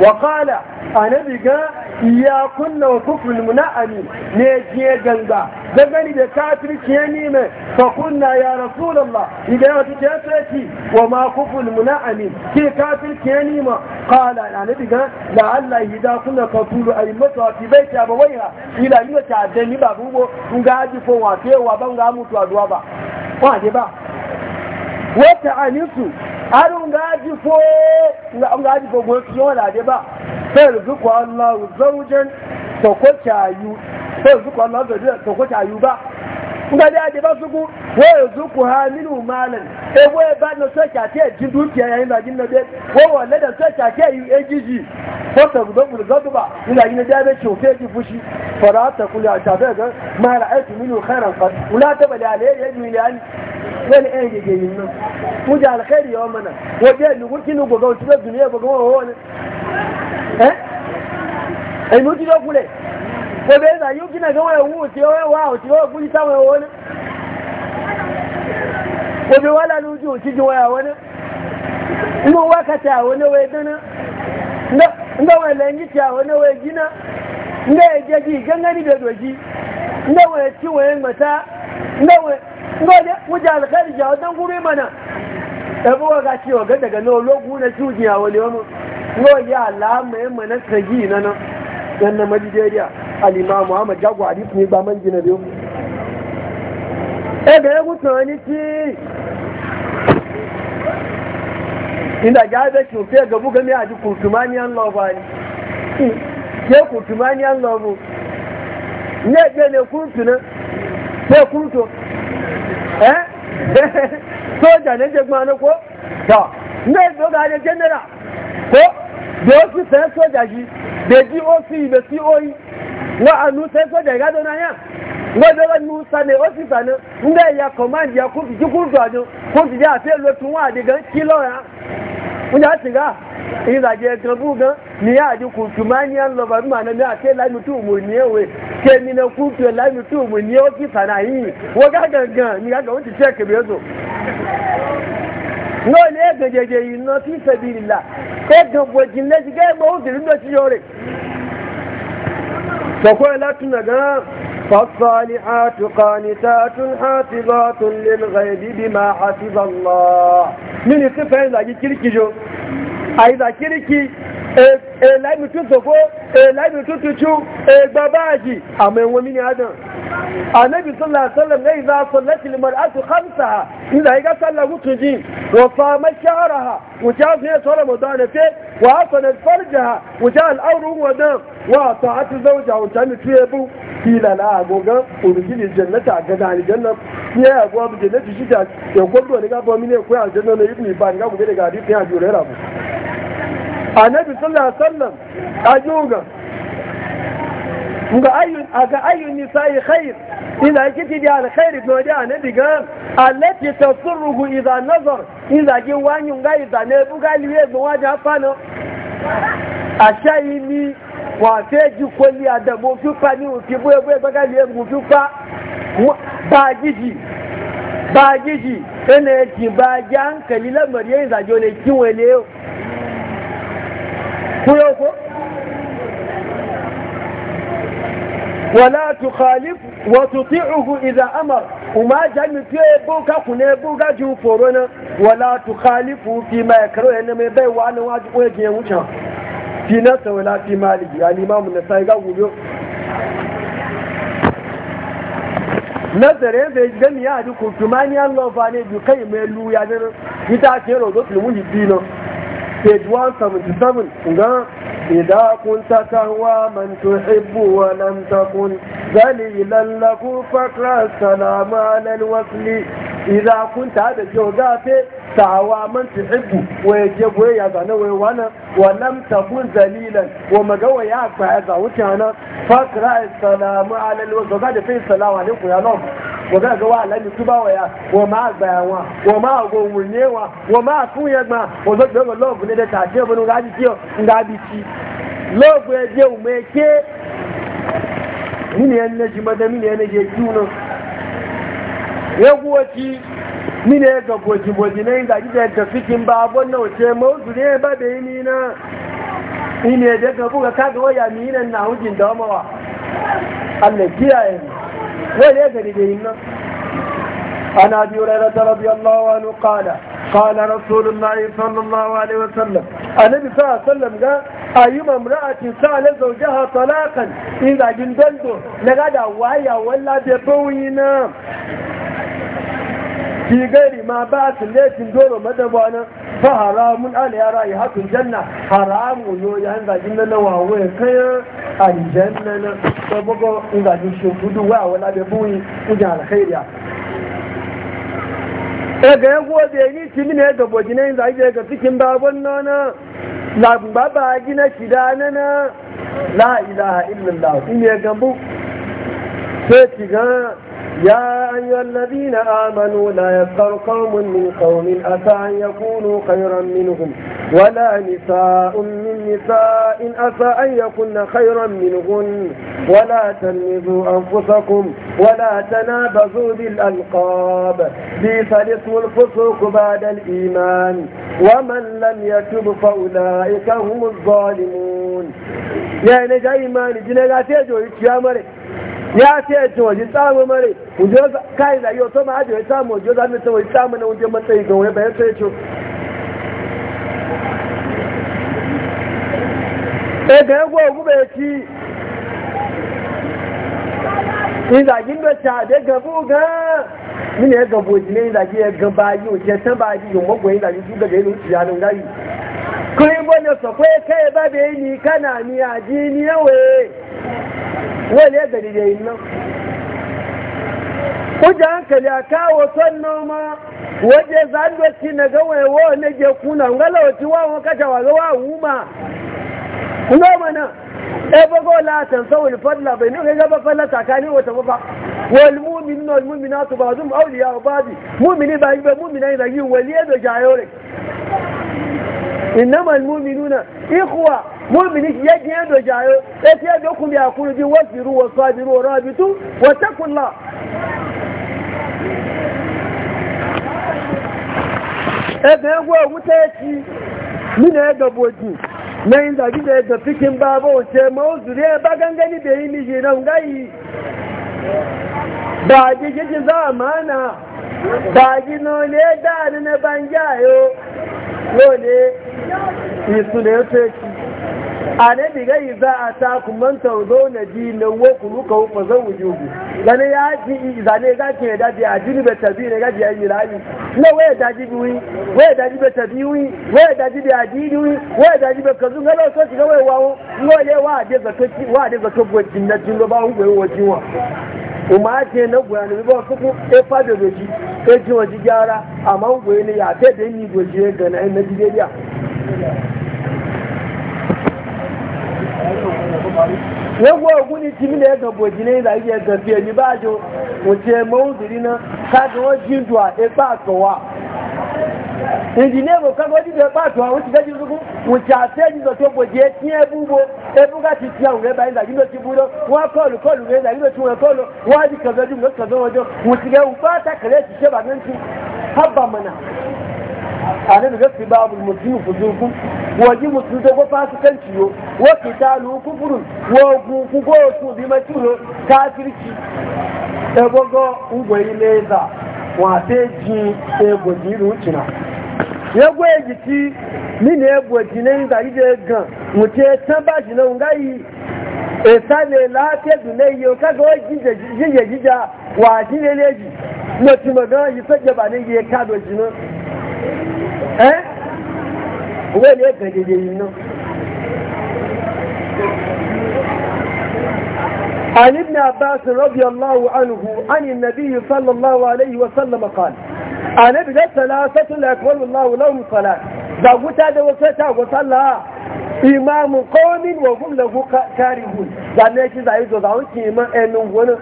وقال أنا بقى ya kunna wa kufrul muna'ami ne je ganga gani da kafirci ni nime fa kunna ya rasulullah idan wata ce sai wa ma kufrul muna'ami ki kafirci ya nima qala nabi ga la Allah idan kunna kafuru ay mata fi baiti abawaiha ila ni ta dani babu go ngaji fo wa fe wa ban ga mutu adwa ba wa je ba wata anisu har ngaji fo ngaji fo go ki wala de ba sai zuku Allah zaujan to ko tayu sai zuku Allah zaujan to ko tayu ba ngaji ade ba suku wa zuku ha minu malan e wo e ba no so ka te jin dukiya yayin da jin nabe wo wala da so ka te yu ejiji ko ta gudo gudo gudo ba ina yin da be chofe ji fushi ta kula ta da ma ra'aytu minhu khairan qad wala tabali alayhi yajmi li alkhairi ɗaya eh, gege yin nan muje alkhairi yawan mana waje lugu kinu goga wasu da duniya goga wa wani eh ai mutu da kule ko bai da yau kina ga wani wu ce wai wa kuli ta wani ko bai wala luju ci ji waya wani mu waka ta wani wai dana nda wai langi ta wani wai gina nda ya jeji gangani da doji nda wai ci wai mata nda wai ngoje wuja alkhairi ja wadan gure mana abu ga ciwo ga daga no logu na jujiya wale wani ngoje alama mai mana tagi na nan dan na majidariya al-imam Muhammad jagwari ne ba man gina biyo e ga yagu tani ti inda ga da ki fe ga buga mai aji kultumanian love ni ke kultumanian love ne ga ne kultuna ke kulto Eh? [LAUGHS] soja na je gbanu ko to ne do ga je general ko do si fe soja ji be ji o si be anu soja ga do na ya ngo do ga nu sa o si ya command ya ku ji ku do ajo ku ji ya wọ́n yà sìgá ìrìnàjò ẹ̀kan bú gan ní àjò kò tù máa ní àlọ́ bàbí màá nà ní àti láìmí tó mò ní ẹ̀wẹ̀ ṣe mi nà kú tù láìmí tó mò ní ọ́fíìsà náà yìí wọ́n gá gangan ní gàgà wọ́n ti tẹ́ kébé ọ̀dọ̀. ní olè ẹ̀gàn jẹjẹ yìí ná sí ìfẹ̀bí فقوي لاتنا فالصالحات قانتات حافظات للغيب بما حفظ الله من يصفه إذا كيركي جو إذا كيركي إيه لا يمتون سفو إيه لا يمتون تشو إيه باباجي أما هو من هذا annabi sallallahu alaihi wasallam ne idza sallat al mar'atu khamsaha idza ga sallah mutuji wa fama sha'raha wa ja'a sura madana fe wa asana farjaha wa ja'a al awru wa dam wa ta'at zawja wa tani tuyebu kila la goga urjili jannata ga dani janna ya go abu jannati shi ta ya godo ne ga ba mine ko ya janna ne ibni ba ga gobe daga hadisi ya jure rabu annabi sallallahu alaihi wasallam ajuga ga ayyun aga ayyun nisa'i khair ina kiti da alkhair to da ne ga allati tasurruhu idha nazar ina ji wanyun ga idha ne buga liye gbo wa ja fano yi ni wa fe ji koli adabo fi pa ni o fi bo ebo gbaga liye gbo fi pa ba jiji ba jiji ene ji ba ja hankali lamari yin zajo ne kinwele ko ko wala tukhalif wa tuti'uhu idza amar uma jami fi ebu ka kun ebu ga foro na wala tukhalifu fi ma yakro ene me bai wa na waji wuce fi na sa wala fi mali ya imam na sai ga gudo nazare da idan ya ji kurtumani Allah fa ne bi kai mai luya ne ita ce rozo tulmuni dino page 177 ga idza kunta tahwa man tuhibbu wa lam takun zalilan lahu fakra salama ala alwasli idza kunta da joga fe tahwa man tuhibbu wa yaje ya zana wai wana wa lam takun zalilan wa magawa ya fa ya zawuta na fakra salama ala alwasli da fe salamu alaikum ya lawa wọ́n gbà wà wa túbà wọ̀ya wọ́n máa wa yà wọn wọ́n wa. wọ òun yé wọn wọ́n máa fún yẹn gbà wọ́n tó gbé wọn lọ́ọ̀bù ní ẹ̀dẹ́ta àti ẹ̀bùn nga bí tíọ̀ nga bí tí lọ́ọ̀bù ẹ̀dẹ́ òun èké mini ẹni lẹ́sìn mọ́tẹ́ mini ẹni ṣe kí wọn. ewu ọtí mini ẹ̀ kà bòjìbòjì náà nga jíjẹ kà fìtì ń bá abọ́ náà ọ̀tẹ́ mọ́ oṣù ní ẹ̀bá bẹ̀yìn ní iná mini ẹ̀dẹ́ kà fún kà káàkiri wọ́n yà mí iná ولا يدري بهن عن ابي هريره رضي الله عنه قال قال رسول الله صلى الله عليه وسلم النبي صلى الله عليه وسلم قال أيما امرأة سأل زوجها طلاقا إذا جندلته لقد أوايا ولا ببوينا في غير ما بعث ليت دوره مدبانا فحرام عليها رائحة الجنة حرام ويو يهنزا جنة وهو كيان aljanna na sabogo inda ji shi gudu wa wala da buyi alkhairiya e ga yan gobe ni ci mine ga bojine inda ga cikin babon nana la baba gina nana la ilaha illallah in ya gambu sai ga يا أيها الذين آمنوا لا يسخر قوم من قوم أتى أن يكونوا خيرا منهم ولا نساء من نساء أتى أن يكن خيرا منهن ولا تلمزوا أنفسكم ولا تنابزوا بالألقاب بئس الاسم الفسوق بعد الإيمان ومن لم يتب فأولئك هم الظالمون يعني جاي إيمان جنة لا تجوي ya ce ya ce waje samu mare kai da yau aji za mu ta na matsayi ga wani bayan sai ce e ga ya gwa gube ya ci da ta da gabu ga ya ya gaba yi wace ta ba yi yau magwai zagi su daga yin wuciya nan gari kuma yi sakwai kai ba ni kana ni a wani ya gari da yin nan kuja hankali a kawo son noma waje zandoci na gawaye wa na ke kuna ngalawaci wa wa kaca wa ga wa wuma kuma mana e bago la tan wani fadla bai ne ga ba fadla takani wata ba wal mu'minu wal mu'minatu ba'dhum awliya ba'd mu'mini ba yi ba mu'mina ina yi waliye da jayore إنما المؤمنون إخوة مؤمن يجي يدو جايو يتيادوكم يقولوا دي وفروا وصابروا ورابطوا واتقوا الله ẹgbẹ̀ ẹgbẹ̀ ohun tẹ́ẹ̀kì nínú ẹgbẹ̀ bòjì lẹ́yìn tàbí ẹgbẹ̀ fíkí ń bá bọ́ ṣe mọ́ òṣùrí ẹbá gángan níbẹ̀ yìí ní ṣe náà ń gáyìí jẹ́jẹ́ záà máa náà báyìí ne lè dáa nínú bá ń yá yóò yóò lè ìsúnlẹ̀ tó ẹ̀kì annabi yi za a ta kuma tauzo na ji na woku ruka wufa zan wuji ugu gani ya ji ne ga ke da bi a jini bai tabi ne ga bi ayi rayu na waya da ji biwi waya da ji bai tabi wi waya da ji bai adini wi waya da ji bai kazu ga lo so ti ga waya wawo ngole wa de zato wa de zato go jinna jinno ba hu go wo jinwa kuma ce na goya ne ba su ku e da shi e ji waje gyara amma goye ne ya ta da ni goje na na Nigeria yawa guni timi ne ga goji ne da yake ga fiye ni ba jo mu ce mawudiri na ka ga wajen duwa e kowa ìjìnlẹ̀ bò kọ́kọ́ jíjẹ pàtó àwọn ti dẹ́jú lógún wùtí àtẹ́jú lọ tó bòjì etí ẹbú bo ẹbú ká ti ti àwùrẹ́ báyìí làjú ló ti bú lọ wọ́n kọ́ọ̀lù kọ́ọ̀lù rẹ̀ làjú ló ti wọ̀n kọ́ọ̀lù wọ́n á di kọ̀ọ̀dọ̀ jù lọ kọ̀ọ̀dọ̀ wọn jọ wùtí rẹ̀ wù bá tàkàlẹ̀ ti ṣe bàbá ń ti hábà mọ̀nà. àlejò ló fi yagwa ejiti nini egwu ejine nga ije gan nwuce tamba jina nga yi esale lafiya dune yi o kaga o jinje jija wa jinje leji mo gan yi soje ba ni yi kado jina eh owe ni egan jeje yi na عن ابن عباس رضي الله عنه عن النبي صلى الله عليه وسلم قال annabi da salasatu la yakbalu Allahu lahum salat da wuta da wata ta go sallah imamu komin wa hum lahu karihun da ne shi zai zo da wuce ma enin wani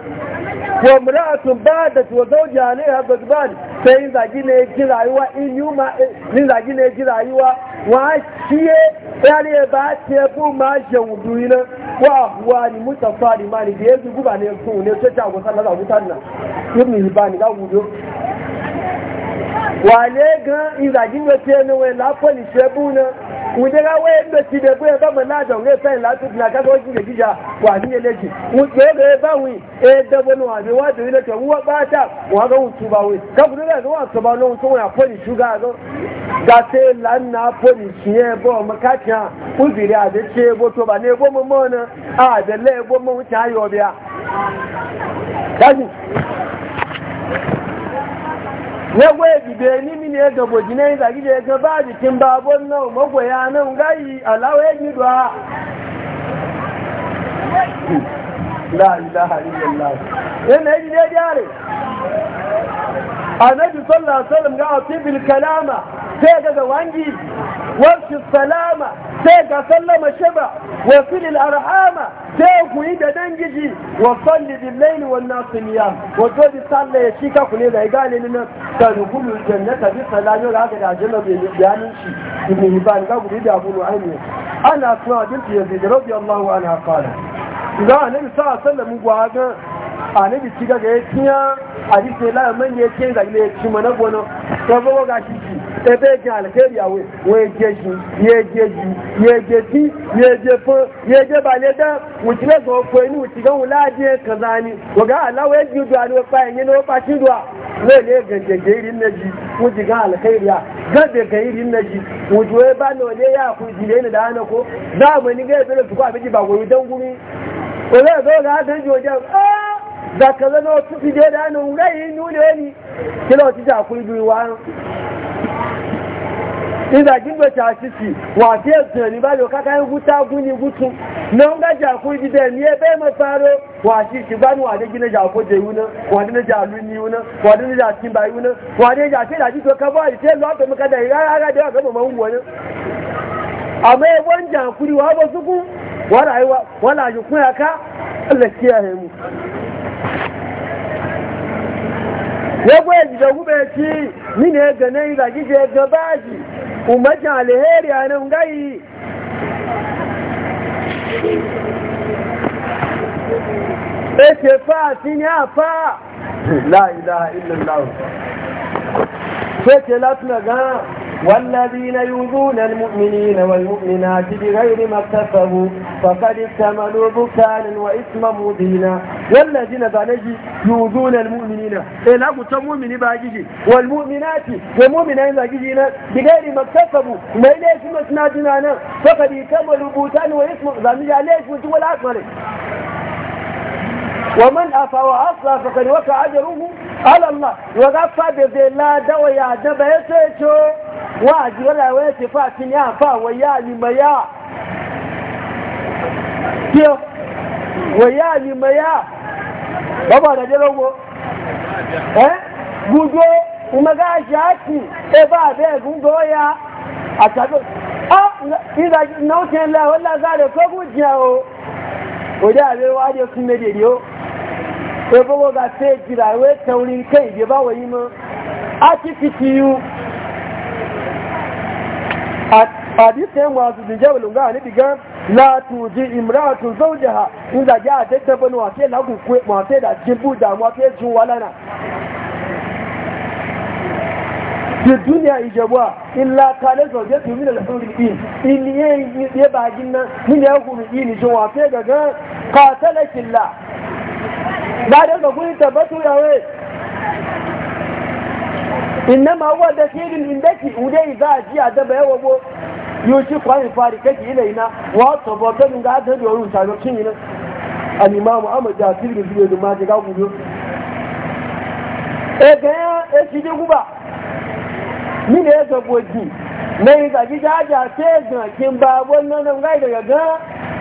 wa mar'atun badat wa zawji alaiha gadban sai zagi ne ji rayuwa in ma ni zagi ne ji rayuwa wa shiye yare ba ce bu ma wudu yi nan. wa huwa ni mutafari mani da yanzu guba ne su ne ta ta go sallah da wutan nan ibn hibani ga gudu wale gan ìràjí ló ti ẹnu wọn lápọ̀ nìṣẹ́ bú na ìdíra wọ́n ẹ̀ ló ti dẹ̀ pé ẹ̀bá mọ̀ láàjọ ń rẹ̀ fẹ́yìn láti ìdìnà akẹ́kọ̀ọ́ sí ilé wà ní eléjì mo pè é rẹ̀ báwìn ẹ̀ẹ́dẹ́gbẹ́ ní wàbí wọ́n àti bá dà wọ́n rẹ̀ ń túbà wẹ̀ káfíńdé na ya goya gibe ni mini ya gabo jina ya zagi da ya ga ba jikin babon nan magoya nan gayi alawai ya yana annabi sallallahu alaihi wasallam ga atibil kalama sai ga wangi fi salama sai ga sallama shaba wa filil arhama sai ku yi da dangiji wa salli bil layli wan nas niyam wa to bi salla ya shika ku ne da gane ni na ta dukulu jannata bi salama ga ga da jannata bi bayanin shi ibn hibban ga gudu da bulu nu'aymi ana suwa bin yazid radiyallahu ana qala ga annabi sa sallamu a annabi ci gaga ya tiya a rike la man ya ke da ne ci mana gono to ba ga shi ci e be ga alheri ya we we je shi ye je ji ya je ti ye je fo ye je ba le da mu ga le go ko ni mu ci ga wala je kazani wa ga ala we ji du ani pa yin no ne ne duwa le le ga je irin na ji mu ci ga alheri ya ga de ga irin na ji mu ji we ba no le ya ku ji ni da na ko da mu ni ga be le ku ba ko yi go dan wọ́n ẹ̀dọ́ ọ̀gá àtẹ́jù ọjọ́ dàkẹ̀lẹ́ náà tún fi dé dánù rẹ́yìn inú lé ní kí lọ ti dàkú ibi wa ń nígbà gbígbẹ̀ tàṣìṣì wà tí ẹ̀sùn ẹ̀ní bá lò na ń gúta gún ní gútún náà ń gájà kú ibi dẹ̀ ní ẹgbẹ́ mọ́ sáré Wala rayuwa wa na ji kuya ka Allah kiyaye mu ya goya ji da gube ci ni ne ga nan da gije ga baji umarcin alheri a nan gayi ake fa fi ni a fa la ilaha illallah sai ke latina gana. والذين يؤذون المؤمنين والمؤمنات بغير ما اكتسبوا فقد احتملوا بهتانا واثما مبينا والذين بانجي يؤذون المؤمنين الى غوت مؤمن باجي والمؤمنات والمؤمنات باجي بغير ما اكتسبوا ما ليس مسنادنا انا فقد احتملوا بهتانا واثما زمي عليك ولا اكبر ومن أفا وأصلى فقد وقع أجره على الله وغفى بذي الله دوى يا دبا يسيتو wọ́n àjíwọ́lá ẹ̀wọ́n ti fà kí ní àǹfà àwọn yá àlìmọ̀yá wòyá àlìmọ̀yá ọba ọ̀dọ̀dẹ́ lọ́wọ́ ẹ́ gbogbo ìmọ̀gá ẹbá àbẹ́ ẹ̀gún gọ́ọ́yá àtàdó ọ́ ìdájọ́ kẹ́ lẹ́ ọ jẹ́ o o hadisin wasu bin jabal ga ni diga la tuji imratu zawjaha in da ya ta tabbani wa sai lagu ku ma sai da cikin bu damuwa sai jin walana fi duniya ijabuwa illa kale zauje tu min al-hurri in yi ye bagin nan min ya hurri ni jin wa daga daga qatalakillah ba da ga gurin tabbatu yawai. إنما هو دخيل عندك ودي إذا جاء دبا وبو يوشك وين فاركك إلينا وأصبوا كان قاعد هدي ورون شايفين الإمام أحمد جاسر بن زيد ما جاء وقول ege esidi guba mini eze gboji na igaji jaja sejan kin ba wannan nan gai daga ga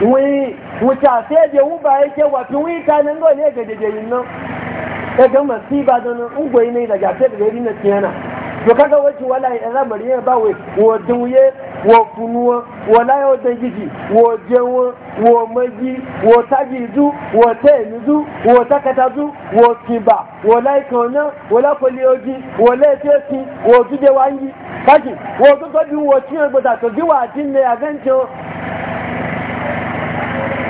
wi wuta seje uba yake wato wi kanin gole ga nan ka ga ba da nan ungwai ne da gafe da gari na tiyana to kaga wace wala ya za bari ba wai wo duye wa funuwa wala ya wajen gidi wo jewo wo maji wo tajizu wo tenizu wo takatazu wo kiba wo laikona wo lafolioji wo lefesi wo jude wangi kaji wo wa to bi wo tiyan gbọdọ to bi wa wa din ne aganjo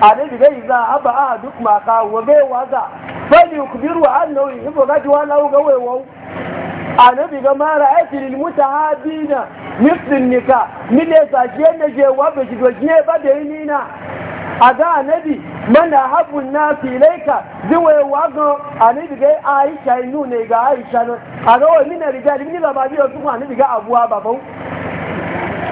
alaihi gai za a ba a duk maka wage waza fali kubiru an nau yi ba gaji wa lau gawai wau annabi ga mara aiki lil mutahabina mislin nika ni ne sashi yadda je wa ba shi doki ne ba da yi na a ga anabi mana habun na filaika ziwaye wa ga annabi ga aisha inu ne ga aisha nan a ga wani na riga da ni ba ba biyo su annabi ga abuwa baban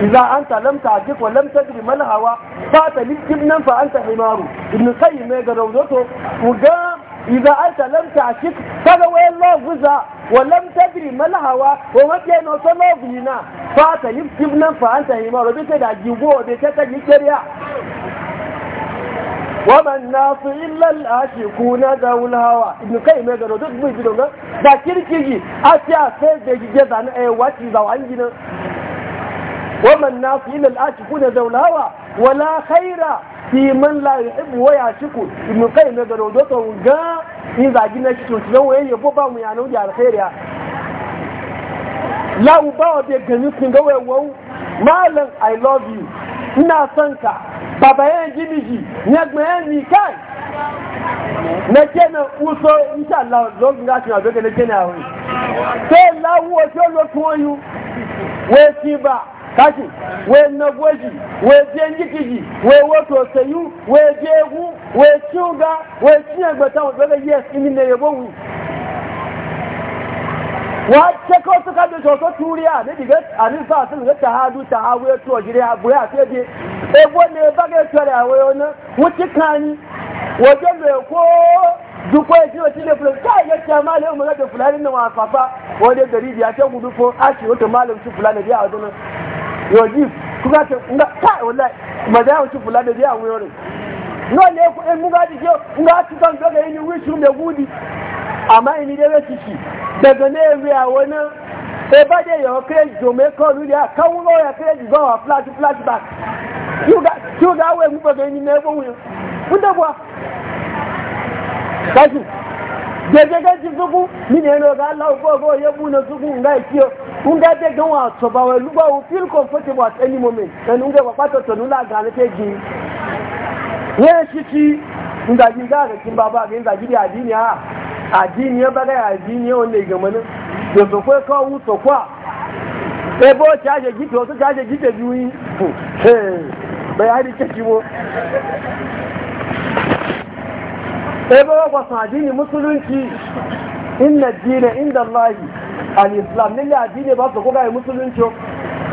إذا أنت لم تعجب ولم تجري ما الهوى فأتلك جبنا فأنت حمار ابن القيم يقرأ وجوته وقام إذا أنت لم تعشق فقوى الله وزا ولم تدري ما الهوى وما كان وصلنا بينا فأتلك جبنا فأنت حمار بيتدع جيبوه بيتدع جيبوه waman nasu illal ashiku na zaul hawa ibn kai mai gano duk bai bidon da kirkiji a ce a sai da gige ومن الناس إلا الآشقون زولاوا ولا خير في من لا يحب ويعشق ابن القيم يقول ودوته وقا إذا جينا شكرا شتوتنا وين يبوبا ويعنو دي على خير يا لا وباو دي جنيسن قوي وو لن I love you ina son ka baba yan jimiji ya gbe yan ni kai na kenan uso insha Allah lokacin da shi na zo ga na kenan sai lawo to lokacin wayu wai ba kashi we nagwaji we je njikiji we woto sayu we je gu we chuga we chinya wo bebe yes imi ne yebo wi wa cheko to ka de so turiya ne diga ani sa sun ga tahadu tahawe to jire abu ya se je ebo ne ba ga tore awe ona wuti kani wo je le ko dukọ ẹ̀sìn òtí lè fúlẹ̀ káà yẹ kí a máa lé òmùlẹ́dẹ̀ fúlẹ̀ nínú àwọn àfàfà wọ́n dé gẹ̀rí ìdí àti ẹ̀kùn dúpọ̀ á sì ó tó máa lè fi fúlẹ̀ nàìjíríà ọdún náà waje kuka ce nga ta wallahi ba da yawanci kula da biya wuyo ne no ne ku in eh, muga ji ke nga ci kan to ga yini wishu me gudi amma ini da ya ciki daga ne biya wani e ba de yo ke jo me ko lu ya kan wo ya ke ji go flash flash back you ga you ga we mu ba ga yini ne bo wuyo kun da kwa kashi jeje ga ji zuku ne no ga Allah ko go yebu na zuku ngai kiyo nga de gan wa to ba we lugba we feel comfortable at any moment and nga wa pato to nula ga ne teji ye shiki nga ji ga ga kin baba ga nga ji adini ha adini ba ga adini on ne gaman do to ko ka wu to kwa e bo cha je ji to cha je ji ju yi ba ya ri ke ji mo e bo wa sa adini musulunci inna dina inda Allahi al-islam ne ya dine ba su kuka yi musulunci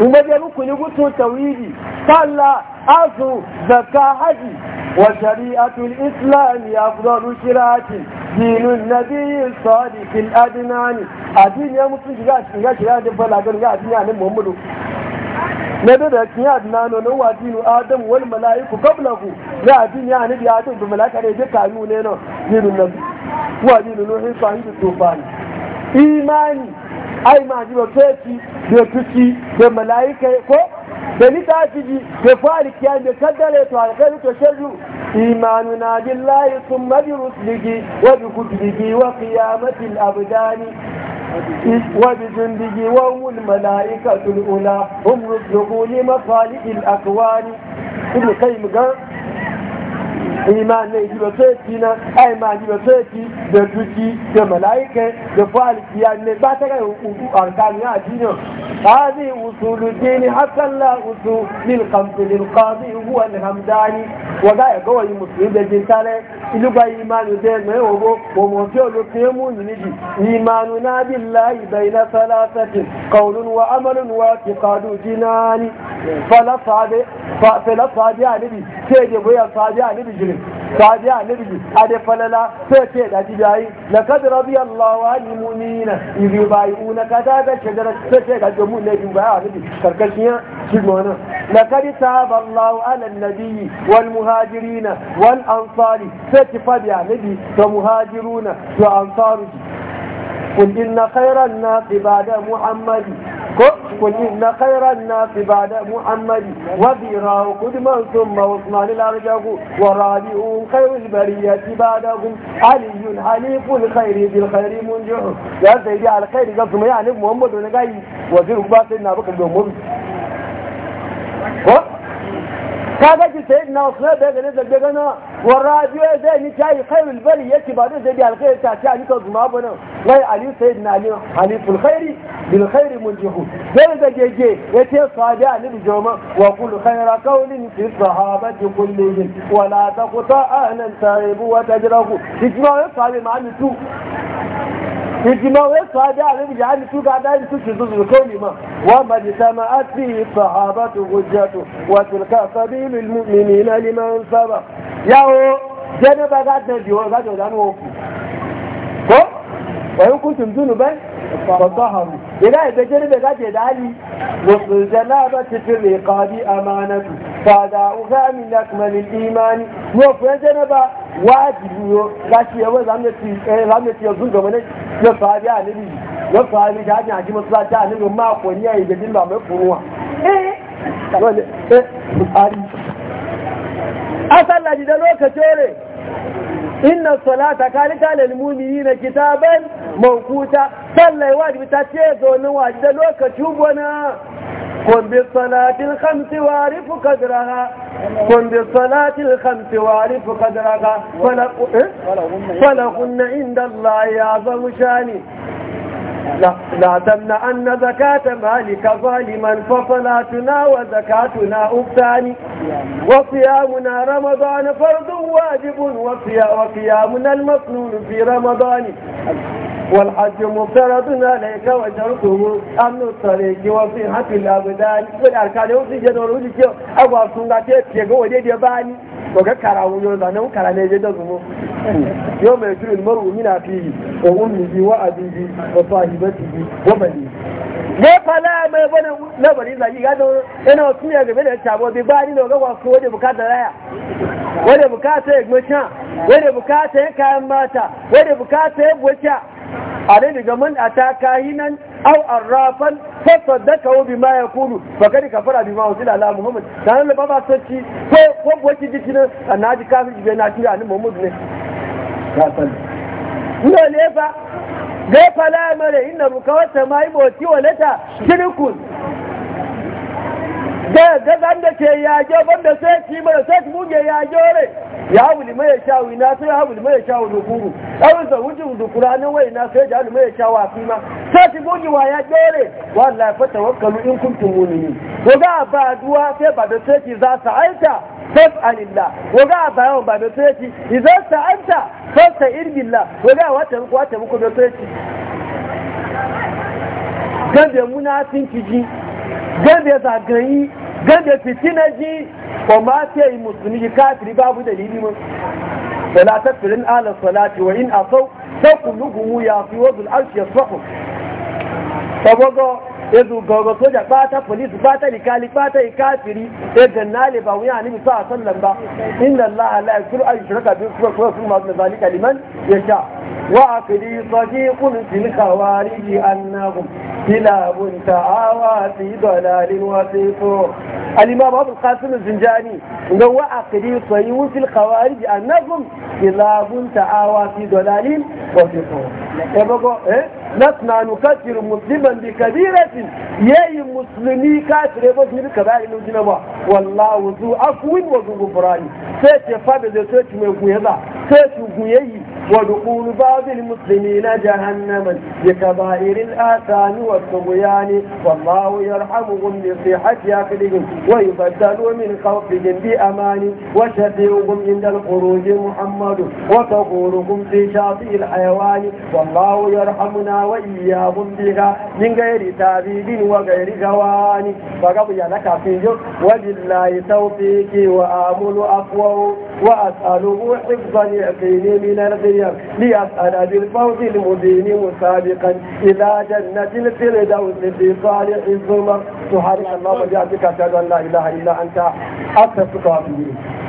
umar ya muku ni gutu tawhidi sallah azu zakka haji wa shari'atul islam ya afdalu shiratin dinun nabiyyi sadiqil adnani addini ya musulunci ga shi ga shi da bala ga ga addini ne muhammadu na da da kiya adnano na wa dinu adam wal malaiku qablahu ya addini ya nabi adam bi malaika da ya kanu ne no dinun nabiyyi kuwa ni lulluhi sahibi tufani imani ai ma ji bakwai da tuki da mala'ika ko da ni ta fi ji da fari kiya da kaddare to alƙar to shirru imanu na layi sun mabi rusligi wa bi kudligi wa qiyamati al-abdani wa bi jundigi wa umul mala'ika tul'ula hum rusluhu li mafali'il akwani ibn qayyim ga ima ne jiba feti na ai ma jiba feti da duki da mala'ika da falkiya ne ba ta ga hukuku a kan ya jinyo hadi usulu dini hakan la usu lil qamti lil qadi huwa al hamdani wa ga ya gawa muslim da jintale iluga imanu de me obo o mo ti o lo ti mu ni ni imanu na billahi baina salatati qawlun wa wa tiqadu jinani fala sabe fa fala sabe ani bi sege boya musulmi sahabi annabi ade falala sai ce da ji yayi laqad radiyallahu anil mu'minina idh yubayuna kada da shajara sai ce ga mu ne din baya annabi karkashin shi gona laqad taballahu ala annabi wal muhajirina wal ansari sai ce fadi annabi ta muhajiruna to ansaru قل إن خير na ibada محمد kulli na khairan nasi ba da muhammadi wa zira sun ma usmani larjagu wa rabi'un khairul bariyati ba da gun aliyun halifun khairi bil khairi mun ji hu ya sai dai alkhairi ga su mai anif muhammadu na gayi ko kaga ki sai na da gane da daga na wara da ni tayi khairul bali yake ba da zai alkhairi ta ta ni ka zuma bana wai ali sayyidina ali e ali ful khairi bil khairi munjihu sai da gege yace sahabi ali bi joma wa qul khaira qawlin fi sahabati kullihim wa la taqta ahlan taibu wa tajrahu ijma'u sahabi ma'ani tu hijima wai su haɗe a nabi jihar su ga da su su zuzu kauli ma wa majtama ati sahabatu hujjatu wa tilka sabilul mu'minina liman saba yawo janaba ga da biyo ga da dano ko wa in kuntum junuban fatahharu ila da janaba ga da dali wa janaba tilqadi amanatu fa da'uha min akmal al-iman wa fa janaba wajibi yo gashi yawa zamnati eh zamnati yanzu gaba ne ya sahabi annabi ya sahabi da hanya ji masallaci annabi ma ko ne yayi da dilla mai furuwa eh kalole eh bukhari asalla ji da lokaci ne inna salata kalita lil mu'minina kitaban mawquta sallai wajibi ta ce zo ne wajibi da lokaci bona قم بالصلاة الخمس وعرف قدرها قم بالصلاة الخمس وعرف قدرها إيه؟ فلهن عند الله أعظم شاني لا, لا تمنع أن زكاة مالك ظالما فصلاتنا وزكاتنا أبتاني وصيامنا رمضان فرض واجب وصيامنا المصنون في رمضان والحج مفترض عليك وشرطه أمن الطريق وصيحة الأبدان والأركان يوصي جنور وجيك أبو أبسونا تيبتيك وديد يباني وككرا ونور ذنو كرا نيجد يوم يجر المرء من أخيه وأمه وأبيه وصاحبته وبنيه ne fala mai bane gado da tabo bi bani da ga wasu wajen bukata raya wajen bukata ya gmasha wajen bukata ya kayan mata bukata ya gwacha ale daga man ata kahinan aw arrafan fa saddaka bima yaqulu fa kad kafara bima usila ala muhammad dan le baba sacci ko ko boki dikina anaji kafiri be na tira ni muhammad ne ka san ne le fa ga fala mare inna rukawata mai boti walata shirkun da da zan da ke yage wanda sai ki mai sai ki buge yage ore ya wuli mai shawi na sai ya wuli mai shawi dukuru aw za wujin dukura ne wai na sai ya wuli mai shawa fi ma sai ki buge wa ya jore wallahi fa tawakkalu in kuntum mu'minin ko ga ba duwa sai ba da sai ki za ta aita alillah ko ga ba yawan ba da sai ki iza ta anta ta irbillah ko ga wata wata muku da sai ki kan da munafinci ji gabe zagayi gabe fitinaji wa ma ta yi musulmi kafiri babu dalili mun wala tafirin ala salati wa in ya fi ezu gogo soja bata polisi ta likali ta ikafiri idan nale ba wuya ni bisa sallan ba inna allaha la yaghfiru an yushraka bihi wa yaghfiru ma duna zalika liman yasha wa aqdi sadiqun fil khawarij annahum kilabun ta'awa fi dalalin wa fi الإمام أبو القاسم الزنجاني هو أقلي صيو في الخوارج أنهم كلاب تعاوى في ضلال وفي قوة نحن نكثر مسلما بكبيرة kafin yayi musulmi kafire ba su rika bayan jina ba wallahu zu afwin wa zu sai ce fa da zai ce mai guyaza sai su guyayi wa dukulu babil musulmi na jahannama bi kaba'irin asani wa tuguya ne wallahu yarhamu gun bi sihati akidigin wa yubaddalu min khawfihim bi amani wa shafi'ukum inda al-khuruji muhammadu wa taqurukum fi shafi'il hayawani wallahu yarhamuna wa iyagun biha min ghairi tabidin wa ghairi gawani baga bu yana kafin yau wa billahi tawfiqi wa amulu aqwa wa as'aluhu hifdhan اليقين من الغيام ليسأل بالفوز المبين مسابقا إلى جنة الفردوس في صالح الزمر سبحانك اللهم وبحمدك أشهد أن لا إله إلا أنت أستغفرك